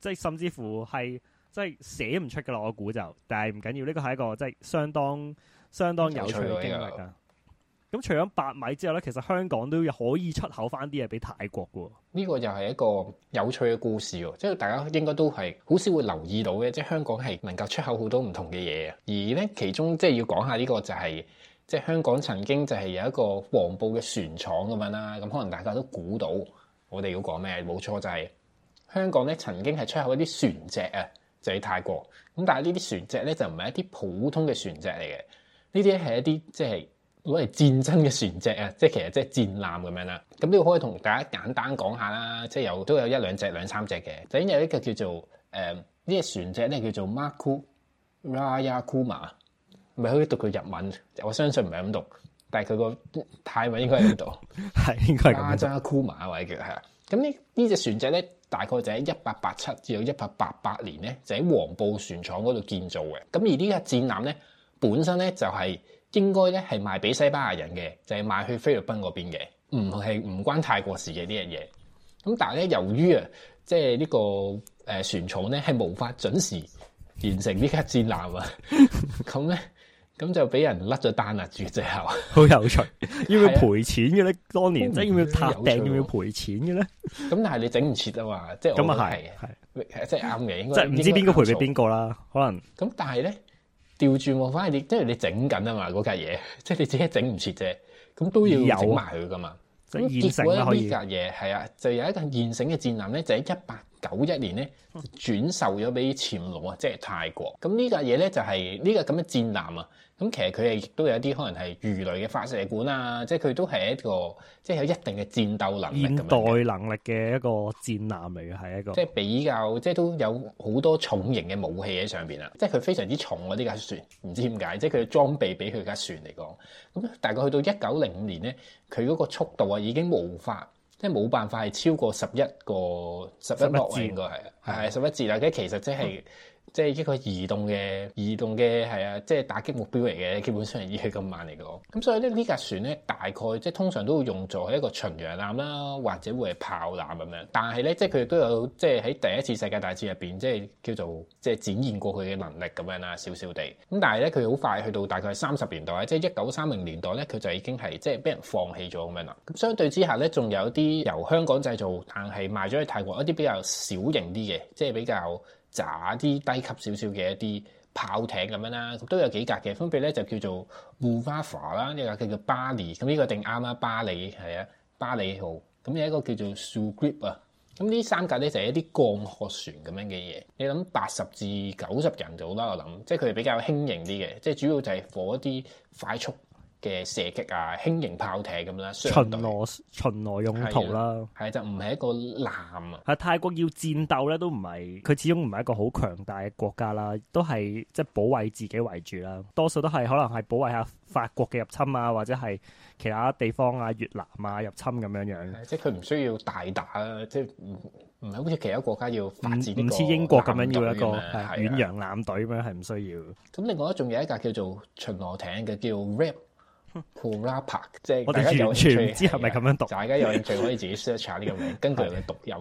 即係甚至乎係。即係寫唔出嘅咯。我估就，但係唔緊要，呢個係一個即係相當相當有趣嘅經歷啊！咁除咗白米之後咧，其實香港都可以出口翻啲嘢俾泰國喎。呢個又係一個有趣嘅故事喎，即係大家應該都係好少會留意到嘅，即係香港係能夠出口好多唔同嘅嘢啊！而咧其中即係要講下呢個就係即係香港曾經就係有一個黃埔嘅船廠咁樣啦，咁可能大家都估到我哋要講咩？冇錯，就係香港咧曾經係出口一啲船隻啊！就喺泰國，咁但係呢啲船隻咧就唔係一啲普通嘅船隻嚟嘅，呢啲係一啲即係攞嚟戰爭嘅船隻啊，即係其實即係戰艦咁樣啦。咁呢個可以同大家簡單講下啦，即係有都有一兩隻兩三隻嘅。就已經有一個叫做誒呢隻船隻咧叫做 Maru Raya Kuma，唔係可以讀佢日文，我相信唔係咁讀，但係佢個泰文應該係咁讀，係 應該係阿扎庫馬或者叫係啦。咁呢呢隻船隻咧。大概就喺一八八七至到一八八八年咧，就喺黃埔船廠嗰度建造嘅。咁而呢架戰艦咧，本身咧就係應該咧係賣俾西班牙人嘅，就係、是、賣去菲律賓嗰邊嘅，唔係唔關泰國事嘅呢樣嘢。咁、這個、但係咧，由於啊，即係呢個誒船廠咧係無法準時完成艦 呢架戰艦啊，咁咧。咁就俾人甩咗單啦！住最後，好有趣，要唔要賠錢嘅咧？當年即要唔要塌要唔要賠錢嘅咧？咁但係你整唔切啊嘛，即係咁啊係嘅，係即係啱嘅，應該，即係唔知邊個賠俾邊個啦，可能。咁但係咧，調轉喎，反而你即係你整緊啊嘛，嗰架嘢，即係你只係整唔切啫，咁都要整埋佢噶嘛，整係完成啦架嘢係啊，就有一架現成嘅戰艦咧，就喺一八九一年咧，轉售咗俾暹羅啊，即係泰國。咁呢架嘢咧就係呢個咁嘅戰艦啊。咁其實佢哋亦都有一啲可能係魚雷嘅發射管啊，即係佢都係一個即係有一定嘅戰鬥能力現代能力嘅一個戰艦嚟嘅，係一個即係比較即係都有好多重型嘅武器喺上邊啊。即係佢非常之重嗰啲架船，唔知點解，即係佢嘅裝備比佢架船嚟講，咁大概去到一九零五年咧，佢嗰個速度啊已經無法，即係冇辦法係超過十一個十一節應該係係十一字啦，即係其實即係。嗯即係一個移動嘅移動嘅係啊！即係打擊目標嚟嘅，基本上已係咁慢嚟嘅。咁所以咧呢架船咧，大概即係通常都會用咗係一個巡洋艦啦，或者會係炮艦咁樣。但係咧，即係佢都有即係喺第一次世界大戰入邊，即係叫做即係展現過佢嘅能力咁樣啦，少少地。咁但係咧，佢好快去到大概三十年代，即係一九三零年代咧，佢就已經係即係俾人放棄咗咁樣啦。咁相對之下咧，仲有啲由香港製造，但係賣咗去泰國一啲比較小型啲嘅，即係比較。差啲低級少少嘅一啲炮艇咁樣啦，都有幾格嘅分別咧，就叫做 u m a f a 啦，一個叫做巴尼，咁呢個定啱啦，巴尼係啊，巴尼號，咁有一個叫做 s u g p e p 啊，咁呢三格咧就係一啲鋼殼船咁樣嘅嘢，你諗八十至九十人度啦，我諗，即係佢哋比較輕盈啲嘅，即係主要就係火啲快速。嘅射擊啊，輕型炮艇咁啦，巡邏巡邏用途啦，係就唔係一個艦啊！喺泰國要戰鬥咧都唔係，佢始終唔係一個好強大嘅國家啦，都係即係保衞自己為主啦。多數都係可能係保衞下法國嘅入侵啊，或者係其他地方啊，越南啊入侵咁樣樣。即係佢唔需要大打啊，即係唔唔係好似其他國家要發展啲，唔似英國咁樣要一個遠洋艦隊咁樣，係唔需要。咁另外一，仲有一架叫做巡邏艇嘅叫 Rap。普拉帕，即係大家完全唔知係咪咁樣讀。大家有興趣,是是有興趣可以自己 search 下呢個名，根據佢讀音。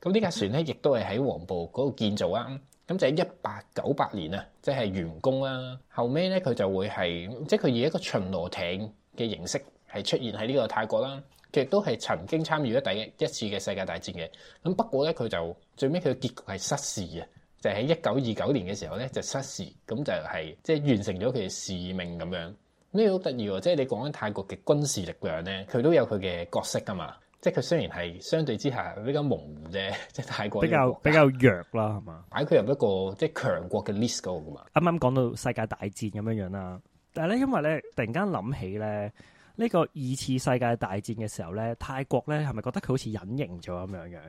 咁 呢架船咧，亦都係喺黃埔嗰度建造啊。咁就喺一八九八年啊，即係完工啦。後尾咧，佢就會係，即係佢以一個巡邏艇嘅形式係出現喺呢個泰國啦。其實都係曾經參與咗第一次嘅世界大戰嘅。咁不過咧，佢就最尾，佢嘅結局係失事啊。就喺一九二九年嘅時候咧就失事。咁就係即係完成咗佢嘅使命咁樣。咩好得意喎？即係你講緊泰國嘅軍事力量咧，佢都有佢嘅角色噶嘛。即係佢雖然係相對之下比較模糊啫，即係泰國比較比較弱啦，係嘛？擺佢入一個即係強國嘅 list 度㗎嘛。啱啱講到世界大戰咁樣樣啦，但係咧因為咧突然間諗起咧呢個二次世界大戰嘅時候咧，泰國咧係咪覺得佢好似隱形咗咁樣樣？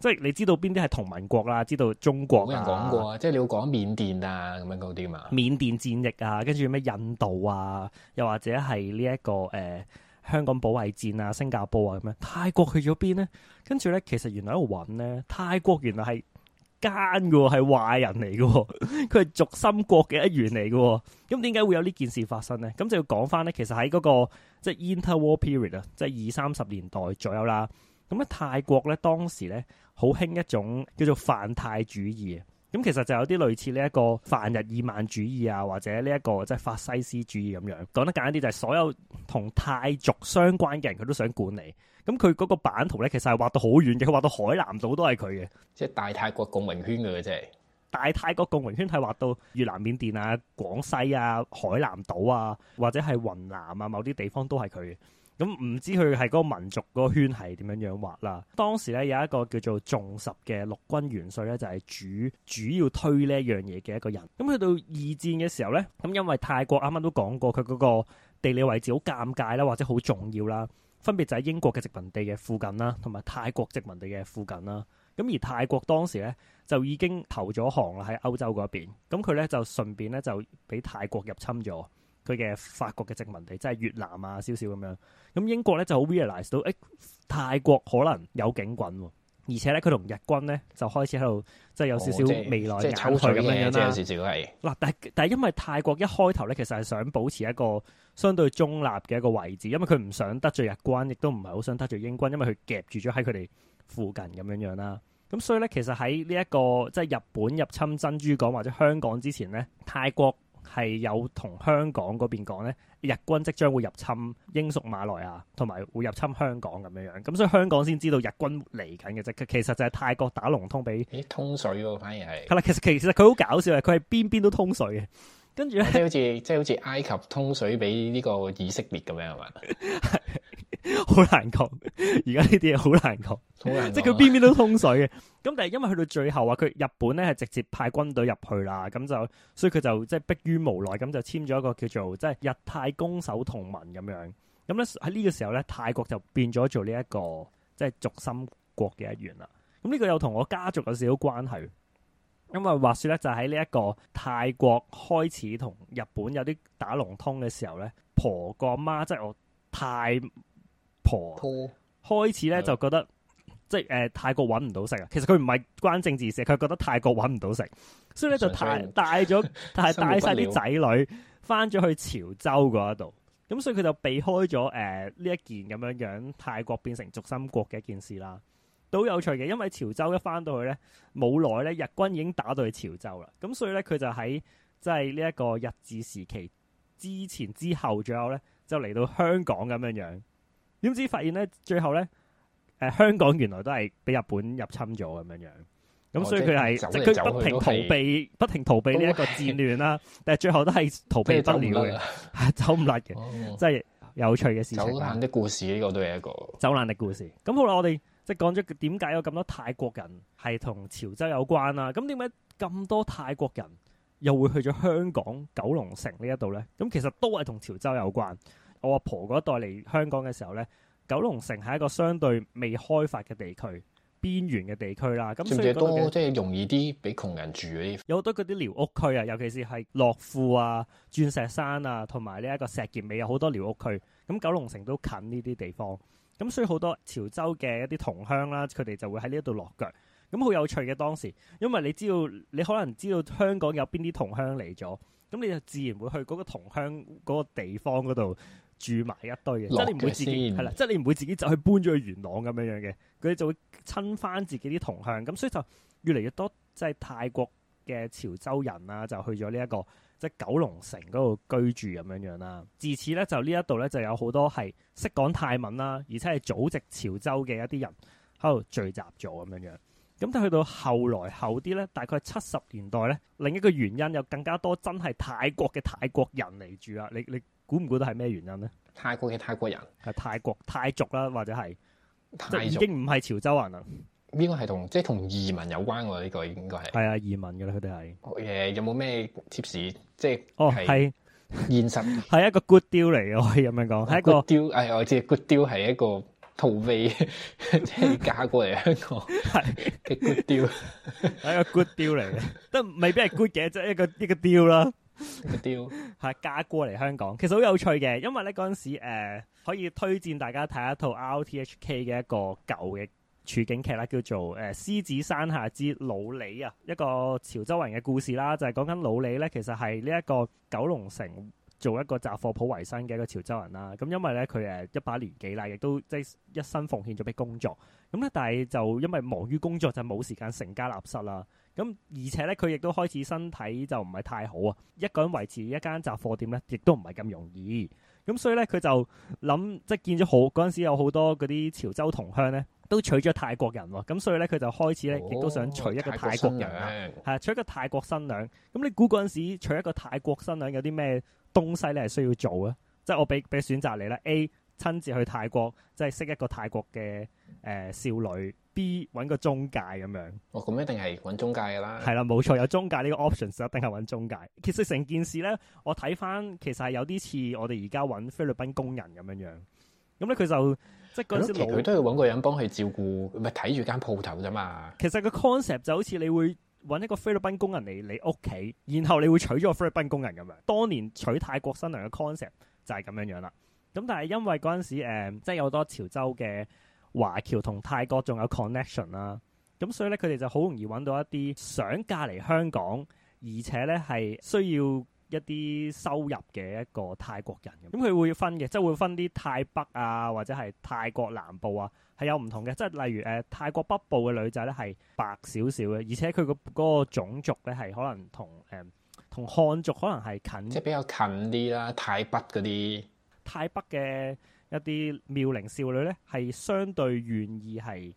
即係你知道邊啲係同盟國啦，知道中國冇人講過啊！即係你要講緬甸啊，咁樣嗰啲嘛？緬甸戰役啊，跟住咩印度啊，又或者係呢一個誒、呃、香港保衞戰啊、新加坡啊咁樣。泰國去咗邊咧？跟住咧，其實原來喺度揾咧，泰國原來係奸嘅喎，係壞人嚟嘅喎，佢係軸心國嘅一員嚟嘅喎。咁點解會有呢件事發生咧？咁就要講返咧，其實喺嗰、那個即係 interwar period 啊，即係二三十年代左右啦。咁咧泰國咧當時咧。好興一種叫做泛泰主義，咁其實就有啲類似呢一個泛日耳曼主義啊，或者呢一個即係法西斯主義咁樣。講得簡單啲，就係、是、所有同泰族相關嘅人，佢都想管理。咁佢嗰個版圖咧，其實係畫到好遠嘅，佢畫到海南島都係佢嘅。即係大泰國共榮圈嘅啫。大泰國共榮圈係畫到越南、緬甸啊、廣西啊、海南島啊，或者係雲南啊，某啲地方都係佢嘅。咁唔知佢係嗰個民族嗰個圈係點樣樣畫啦？當時咧有一個叫做重十嘅陸軍元帥咧，就係主主要推呢一樣嘢嘅一個人。咁去到二戰嘅時候咧，咁因為泰國啱啱都講過佢嗰個地理位置好尷尬啦，或者好重要啦，分別就喺英國嘅殖民地嘅附近啦，同埋泰國殖民地嘅附近啦。咁而泰國當時咧就已經投咗降啦喺歐洲嗰邊，咁佢咧就順便咧就俾泰國入侵咗。佢嘅法國嘅殖民地，即係越南啊，少少咁樣。咁英國咧就好 realize 到，誒、欸，泰國可能有警棍，而且咧佢同日軍咧就開始喺度，即係有少少未來夾佢咁樣樣啦。嗱、哦啊，但係但係因為泰國一開頭咧，其實係想保持一個相對中立嘅一個位置，因為佢唔想得罪日軍，亦都唔係好想得罪英軍，因為佢夾住咗喺佢哋附近咁樣樣啦。咁所以咧，其實喺呢一個即係日本入侵珍珠港或者香港之前咧，泰國。係有同香港嗰邊講呢，日軍即將會入侵英屬馬來亞，同埋會入侵香港咁樣樣，咁所以香港先知道日軍嚟緊嘅啫。其實就係泰國打龍通俾、欸，通水啊，反而係。係啦，其實其實佢好搞笑嘅，佢係邊邊都通水嘅。跟住咧，好似即係好似埃及通水俾呢個以色列咁樣係嘛？好 難講，而家呢啲嘢好難講，即係佢邊邊都通水嘅。咁但係因為去到最後啊，佢日本咧係直接派軍隊入去啦，咁就所以佢就即係迫於無奈咁就簽咗一個叫做即係日泰攻守同盟咁樣。咁咧喺呢個時候咧，泰國就變咗做呢一個即係軸心國嘅一員啦。咁呢個又同我家族有少少關係，因為話說咧，就喺呢一個泰國開始同日本有啲打龍通嘅時候咧，婆個媽即係我太。破、啊、婆開始咧就覺得的即係誒、呃、泰國搵唔到食啊，其實佢唔係關政治事，佢覺得泰國搵唔到食，所以咧就帶帶咗，係帶晒啲仔女翻咗去潮州嗰一度，咁所以佢就避開咗誒呢一件咁樣樣泰國變成軸心國嘅一件事啦，都有趣嘅，因為潮州一翻到去咧冇耐咧，日軍已經打到去潮州啦，咁所以咧佢就喺即係呢一個日治時期之前之後左右呢，仲有咧就嚟到香港咁樣樣。點知發現咧，最後咧，誒、呃、香港原來都係俾日本入侵咗咁樣樣，咁、哦嗯、所以佢係即佢不停逃避，不停逃避呢一個戰亂啦、啊。但係也行 最後都係逃避不了嘅，走唔甩嘅，即係、 哦哦、有趣嘅事情。走難的故事，呢個都係一個走難的故事。咁、這個、好啦，我哋即係講咗點解有咁多泰國人係同潮州有關啦、啊。咁點解咁多泰國人又會去咗香港九龍城呢一度咧？咁其實都係同潮州有關。我阿婆嗰代嚟香港嘅時候呢，九龍城係一個相對未開發嘅地區，邊緣嘅地區啦。咁、嗯、不所以多即係容易啲俾窮人住嗰啲。有好多嗰啲寮屋區啊，尤其是係樂富啊、鑽石山啊，同埋呢一個石硤尾有好多寮屋區。咁、嗯、九龍城都近呢啲地方，咁、嗯、所以好多潮州嘅一啲同鄉啦，佢哋就會喺呢度落腳。咁、嗯、好有趣嘅當時，因為你知道你可能知道香港有邊啲同鄉嚟咗，咁你就自然會去嗰個同鄉嗰、嗰個地方嗰度。住埋一堆嘅，即係你唔會自己係啦先，即係你唔會自己就去搬咗去元朗咁樣樣嘅，佢哋就會親翻自己啲同鄉，咁，所以就越嚟越多即係、就是、泰國嘅潮州人啦、啊，就去咗呢一個即係、就是、九龍城嗰度居住咁樣樣啦。自此咧，就呢一度咧就有好多係識講泰文啦、啊，而且係祖籍潮州嘅一啲人喺度聚集咗咁樣樣。咁但去到後來後啲咧，大概七十年代咧，另一個原因有更加多真係泰國嘅泰國人嚟住啦，你你。你估唔估得係咩原因呢？泰國嘅泰國人，係泰國泰族啦，或者係泰族，已經唔係潮州人啦。呢個係同即係同移民有關喎。呢個應該係係啊，移民嘅啦，佢哋係，誒，有冇咩貼士？即係哦，係現實係一個 good deal 嚟嘅，可以咁樣講，係一個 deal。誒，我知 good deal 係一個逃避，即係嫁過嚟香港，係嘅 good deal，係一個 good deal 嚟嘅，但未必係 good 嘅，即係一個一個 deal 啦。個係 嫁過嚟香港，其實好有趣嘅，因為咧嗰陣時誒、呃、可以推薦大家睇一套 RTHK 嘅一個舊嘅處境劇啦，叫做誒《獅、呃、子山下之老李》啊，一個潮州人嘅故事啦，就係講緊老李咧，其實係呢一個九龍城做一個雜貨鋪為生嘅一個潮州人啦。咁因為咧佢誒一把年紀啦，亦都即係一生奉獻咗俾工作，咁咧但係就因為忙於工作就冇時間成家立室啦。咁而且咧，佢亦都開始身體就唔係太好啊！一個人維持一間雜貨店咧，亦都唔係咁容易。咁所以咧，佢就諗即係見咗好嗰陣時，有好多嗰啲潮州同鄉咧，都娶咗泰國人喎。咁所以咧，佢就開始咧，哦、亦都想娶一個泰國人啦，係、啊、娶一個泰國新娘。咁、嗯、你估嗰陣時娶一個泰國新娘有啲咩東西咧係需要做啊？即係我俾俾選擇你啦，A。親自去泰國，即係識一個泰國嘅誒、呃、少女 B 揾個中介咁樣。哦，咁一定係揾中介㗎啦。係啦，冇錯，有中介呢個 options 一定係揾中介。其實成件事咧，我睇翻其實係有啲似我哋而家揾菲律賓工人咁樣樣。咁咧佢就即係嗰陣時佢都要揾個人幫佢照顧，唔係睇住間鋪頭啫嘛。其實,、嗯、其實個 concept 就好似你會揾一個菲律賓工人嚟你屋企，然後你會娶咗個菲律賓工人咁樣。當年娶泰國新娘嘅 concept 就係咁樣樣啦。咁但係因為嗰陣時、嗯、即係有好多潮州嘅華僑同泰國仲有 connection 啦、啊，咁所以咧佢哋就好容易揾到一啲想嫁嚟香港，而且咧係需要一啲收入嘅一個泰國人。咁、嗯、佢會分嘅，即係會分啲泰北啊，或者係泰國南部啊，係有唔同嘅。即係例如誒、呃，泰國北部嘅女仔咧係白少少嘅，而且佢個嗰個種族咧係可能同誒同漢族可能係近，即係比較近啲啦，泰北嗰啲。泰北嘅一啲妙齡少女咧，係相對願意係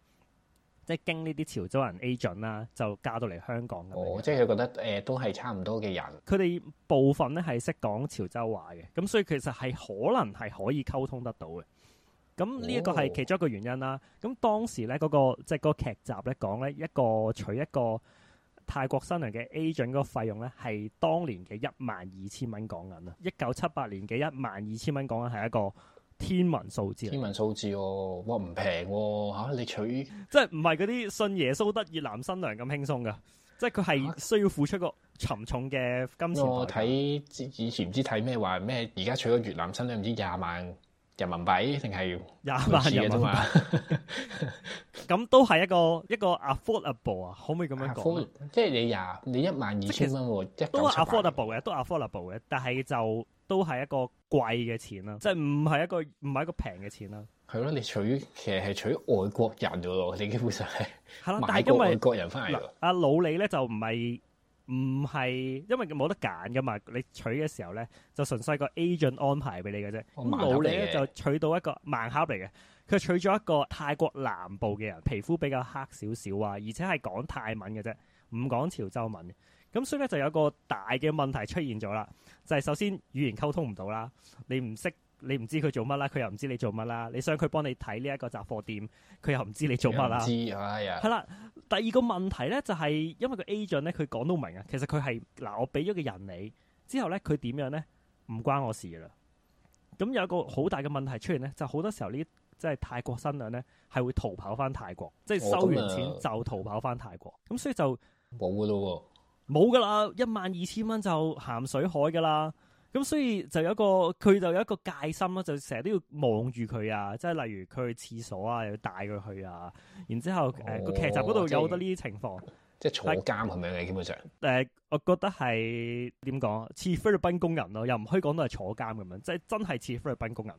即係經呢啲潮州人 agent 啦、啊，就嫁到嚟香港嘅。哦，即係佢覺得誒、呃、都係差唔多嘅人。佢哋部分咧係識講潮州話嘅，咁所以其實係可能係可以溝通得到嘅。咁呢一個係其中一個原因啦、啊。咁、哦、當時咧嗰、那個即係嗰劇集咧講咧一個娶一個。泰國新娘嘅 agent 嗰個費用咧，係當年嘅一萬二千蚊港銀啊！一九七八年嘅一萬二千蚊港銀係一個天文數字，天文數字、哦，哇唔平吓！你娶即係唔係嗰啲信耶穌得越南新娘咁輕鬆㗎？即係佢係需要付出個沉重嘅金錢金、啊。我睇之以前唔知睇咩話咩，而家娶個越南新娘唔知廿萬。人民幣定係廿萬人民幣，咁都係一個一個 affordable 啊？可唔可以咁樣講？即係你廿你一萬二千蚊喎，都 affordable 嘅，都 affordable 嘅，但係就都係一個貴嘅錢啦，即係唔係一個唔係一個平嘅錢啦。係咯，你取其實係取外國人喎，你基本上係買個外國人翻嚟。阿老李咧就唔係。唔係，因為佢冇得揀㗎嘛。你取嘅時候咧，就純粹一個 agent 安排俾你嘅啫。咁冇理咧就取到一個盲盒嚟嘅，佢、嗯、取咗一個泰國南部嘅人，皮膚比較黑少少啊，而且係講泰文嘅啫，唔講潮州文嘅。咁所以咧就有個大嘅問題出現咗啦，就係、是、首先語言溝通唔到啦，你唔識。你唔知佢做乜啦，佢又唔知你做乜啦。你想佢幫你睇呢一個雜貨店，佢又唔知你做乜啦。唔知，哎呀。係啦，第二個問題呢，就係因為個 agent 咧，佢講都明啊。其實佢係嗱，我俾咗個人你之後呢，佢點樣呢？唔關我事噶啦。咁有一個好大嘅問題出現呢，就好多時候呢，即係泰國新娘呢，係會逃跑翻泰國，即係收完錢就逃跑翻泰國。咁所以就冇噶咯，冇噶啦，一萬二千蚊就鹹水海噶啦。咁、嗯、所以就有一個佢就有一個戒心啦，就成日都要望住佢啊，即係例如佢去廁所啊，又要帶佢去啊，然之後誒個、哦呃、劇集嗰度有好多呢啲情況，即係坐監咁樣嘅，基本上。誒、呃，我覺得係點講？似菲律賓工人咯，又唔可以講到係坐監咁樣，即係真係似菲律賓工人。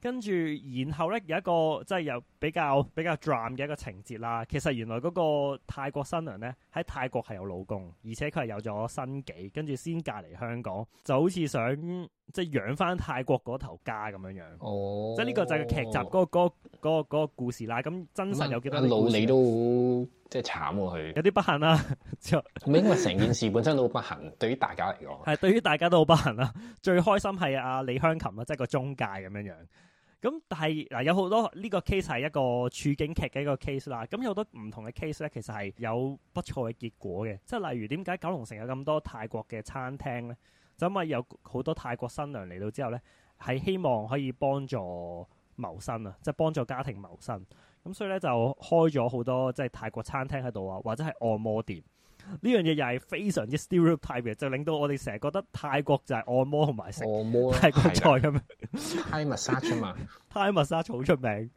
跟住，然後咧有一個即係有比較比較 dram 嘅一個情節啦。其實原來嗰個泰國新娘咧喺泰國係有老公，而且佢係有咗身紀，跟住先嫁嚟香港，就好似想即係養翻泰國嗰頭家咁樣樣。哦，即係呢個就係劇集嗰、嗰個嗰、嗰個故事啦。咁真實有幾多？老你都即係慘喎，佢、啊、有啲不幸啦、啊。唔 係因為成件事本身都好不幸，對於大家嚟講係，對於大家都好不幸啦、啊。最開心係阿李香琴啊，即係個中介咁樣樣。咁但係嗱，有好多呢個 case 係一個處境劇嘅一個 case 啦。咁有好多唔同嘅 case 咧，其實係有不錯嘅結果嘅。即係例如點解九龍城有咁多泰國嘅餐廳咧？就因為有好多泰國新娘嚟到之後咧，係希望可以幫助謀生啊，即係幫助家庭謀生。咁所以咧就開咗好多即係泰國餐廳喺度啊，或者係按摩店。呢樣嘢又係非常之 stereotype，就令到我哋成日覺得泰國就係按摩同埋食泰國菜咁樣。摩 泰 massage 嘛， 泰 massage 好 出名。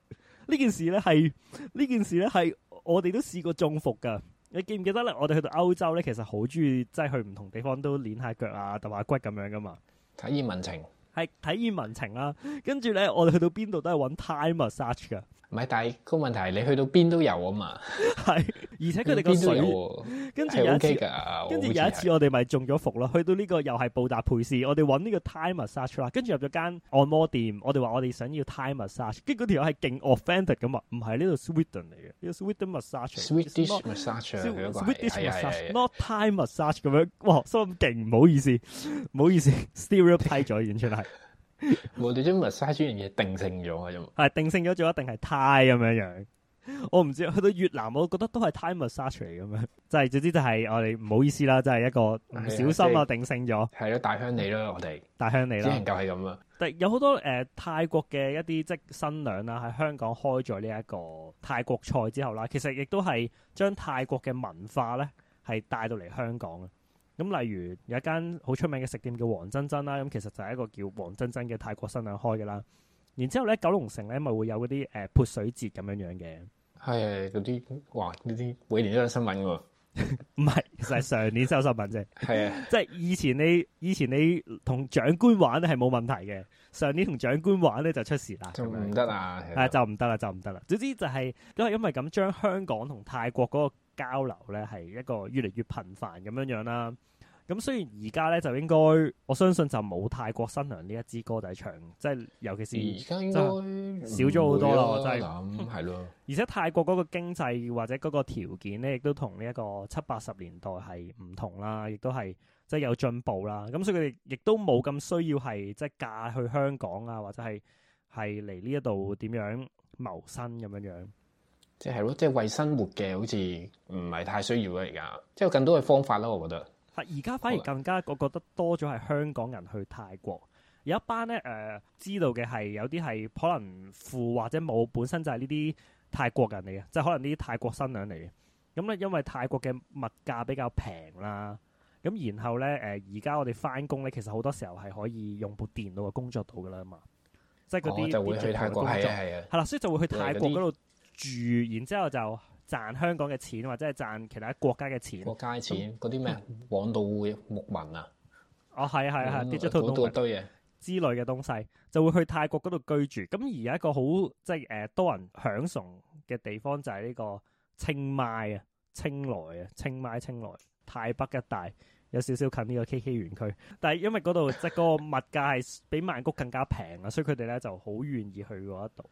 呢 件事咧係呢件事咧係我哋都試過中伏噶你記唔記得咧？我哋去到歐洲咧，其實好中意即係去唔同地方都捻下腳啊，揼下骨咁樣噶嘛。體驗民情。係體驗民情啦，跟住咧我哋去到邊度都係揾 time massage 噶。唔係，但係個問題你去到邊都有啊嘛。係，而且佢哋個水，跟住有一次，跟住有一次我哋咪中咗伏咯。去到呢個又係布達佩斯，我哋揾呢個 time massage 啦。跟住入咗間按摩店，我哋話我哋想要 time massage。跟住嗰條友係勁 offended 咁啊，唔係呢度 Sweden 嚟嘅，呢個 Swedish massage。Swedish massage，唔係 Swedish massage，not time massage 咁樣。哇，咁勁，唔好意思，唔好意思 stereotype 咗，完全係。我哋將 massage 呢樣嘢定性咗啊，又係定性咗就一定係泰咁樣樣， 我唔知去到越南，我覺得都係泰 massage 嚟咁樣？ 就係、是、總之就係我哋唔好意思啦，即係一個唔小心啊，的定性咗。係咯，大鄉里咯，我哋大鄉里啦，之前就係咁啊。但有好多誒、呃、泰國嘅一啲即新娘啦，喺香港開咗呢一個泰國菜之後啦，其實亦都係將泰國嘅文化咧，係帶到嚟香港咁例如有一間好出名嘅食店叫黃珍珍啦，咁其實就係一個叫黃珍珍嘅泰國新娘開嘅啦。然之後咧九龍城咧咪會有嗰啲誒潑水節咁樣樣嘅，係嗰啲哇，嗰啲每年都有新、 就是、年有新聞噶喎，唔係的， 就係上年先有新聞啫。係啊，即係以前你以前你同長官玩咧係冇問題嘅，上年同長官玩咧就出事啦，就唔得啊，啊就唔得啦，就唔得啦。總之就係、是、都係因為咁將香港同泰國嗰個交流咧係一個越嚟越頻繁咁樣樣啦。咁、嗯、雖然而家咧，就應該我相信就冇泰國新娘呢一支歌仔唱，即係尤其是而家應該少咗好多咯。真係咁係咯。嗯、的而且泰國嗰個經濟或者嗰個條件咧，亦都同呢一個七八十年代係唔同啦，亦都係即係有進步啦。咁所以佢哋亦都冇咁需要係即係嫁去香港啊，或者係係嚟呢一度點樣謀生咁樣樣，即係咯，即、就、係、是、為生活嘅，好似唔係太需要啦。而家即係有更多嘅方法啦，我覺得。而家反而更加我覺得多咗係香港人去泰國，有一班咧誒，知道嘅係有啲係可能父或者母本身就係呢啲泰國人嚟嘅，即係可能呢啲泰國新娘嚟嘅。咁咧，因為泰國嘅物價比較平啦，咁然後咧誒，而家我哋翻工咧，其實好多時候係可以用部電腦嘅工作到噶啦嘛，即係嗰啲。哦，就會去泰國工作。係啊係啦，所以就會去泰國嗰度住，啊啊，然之後就。嗰啲賺香港嘅錢或者係賺其他國家嘅錢，國家錢嗰啲咩？黃道會牧民啊？哦，係啊，係啊，係，嗰個堆嘢之類嘅東西，就會去泰國嗰度居住。咁而家一個好即係誒多人享受嘅地方，就係呢個清邁啊、清萊啊、清邁清萊、泰北一帶有少少近呢個 KK 園區。但係因為嗰度即係嗰個物價係比曼谷更加平啊，所以佢哋咧就好願意去嗰一度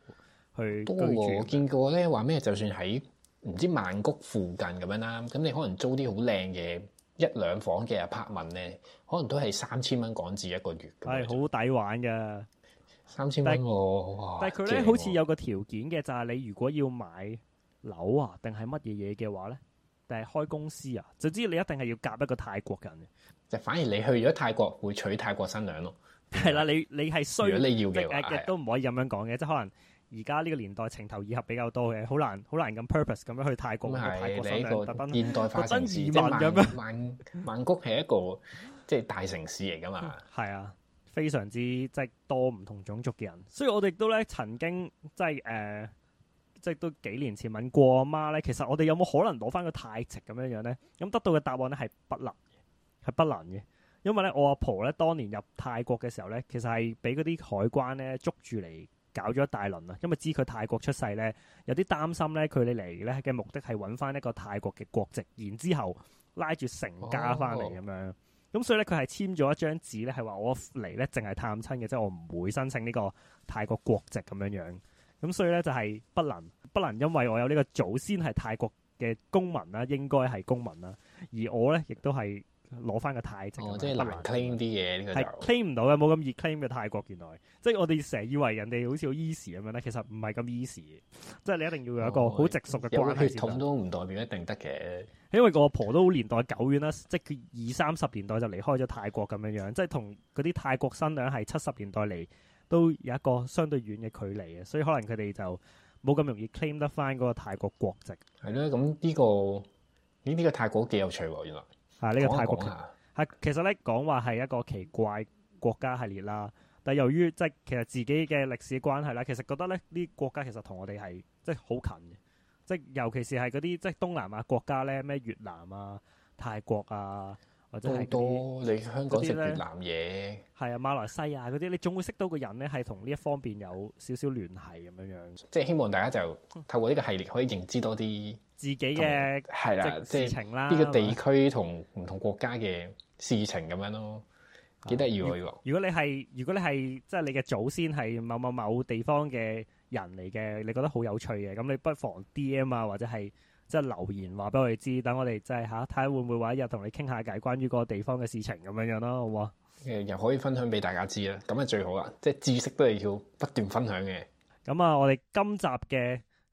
去居住。多我見過咧話咩？就算喺唔知曼谷附近咁樣啦，咁你可能租啲好靚嘅一兩房嘅 Apartment 咧，可能都係三千蚊港紙一個月。係好抵玩噶，三千蚊我、哦，但係佢咧好似有個條件嘅，就係、係、你如果要買樓啊，定係乜嘢嘢嘅話咧，定係開公司啊，就知你一定係要夾一個泰國人。就反而你去咗泰國會娶泰國新娘咯。係啦，你你係需，如果你要嘅，亦都唔可以咁樣講嘅，即係可能。而家呢個年代情投意合比較多嘅，好難好難咁 purpose 咁樣去泰國去是泰國特登。現代化城市，曼曼谷係一個 即係大城市嚟㗎嘛。係、 嗯、啊，非常之即係多唔同種族嘅人。所以我哋都咧曾經即係誒，即係都幾年前問過阿媽咧，其實我哋有冇可能攞返個泰籍咁樣樣咧？咁得到嘅答案咧係不能，係不能嘅，因為咧我阿婆咧當年入泰國嘅時候咧，其實係俾嗰啲海關咧捉住嚟。搞咗一大輪啊，因為知佢泰國出世咧，有啲擔心咧。佢哋嚟咧嘅目的係揾翻一個泰國嘅國籍，然之後拉住成家翻嚟咁樣。咁所以咧，佢係簽咗一張紙咧，係話我嚟咧，淨係探親嘅，即係我唔會申請呢個泰國國籍咁樣樣。咁所以咧，就係不能不能，不能因為我有呢個祖先係泰國嘅公民啦，應該係公民啦，而我咧亦都係。攞翻個泰籍、哦、即係難 claim 啲嘢。係 claim 唔到嘅，冇咁易 claim 嘅泰國。原來即係我哋成日以為人哋好似好 easy 咁樣咧，其實唔係咁 easy。即係你一定要有一個好直屬嘅關係先得、哦、統都唔代表一定得嘅，因為個婆婆都好年代久遠啦，即係佢二三十年代就離開咗泰國咁樣樣，即係同嗰啲泰國新娘係七十年代嚟都有一個相對遠嘅距離嘅，所以可能佢哋就冇咁容易 claim 得翻嗰個泰國國籍。係咯、嗯，咁呢個咦？呢個泰國幾有趣喎？原、嗯、來。啊！呢、這個泰國劇其、啊、其實咧講話係一個奇怪國家系列啦，但係由於即係其實自己嘅歷史關係啦，其實覺得咧呢啲國家其實同我哋係即係好近嘅，即係尤其是係嗰啲即係東南亞國家咧，咩越南啊、泰國啊，或者多、哦、你香港食越南嘢，係啊，馬來西亞嗰啲，你總會識到個人咧係同呢一方面有少少聯繫咁樣樣，即係希望大家就透過呢個系列可以認知多啲。自己嘅係啦，即係事情啦，呢個地區同唔同國家嘅事情咁樣咯，幾得意喎！如果你係，如果你係，即係你嘅祖先係某某某地方嘅人嚟嘅，你覺得好有趣嘅，咁你不妨 DM 啊或者係即係留言話俾我哋知，等我哋即係吓睇下會唔會話一日同你傾下偈，關於個地方嘅事情咁樣樣咯，好唔好？誒，又可以分享俾大家知啦，咁啊最好啦，即係知識都係要不斷分享嘅。咁啊，我哋今集嘅。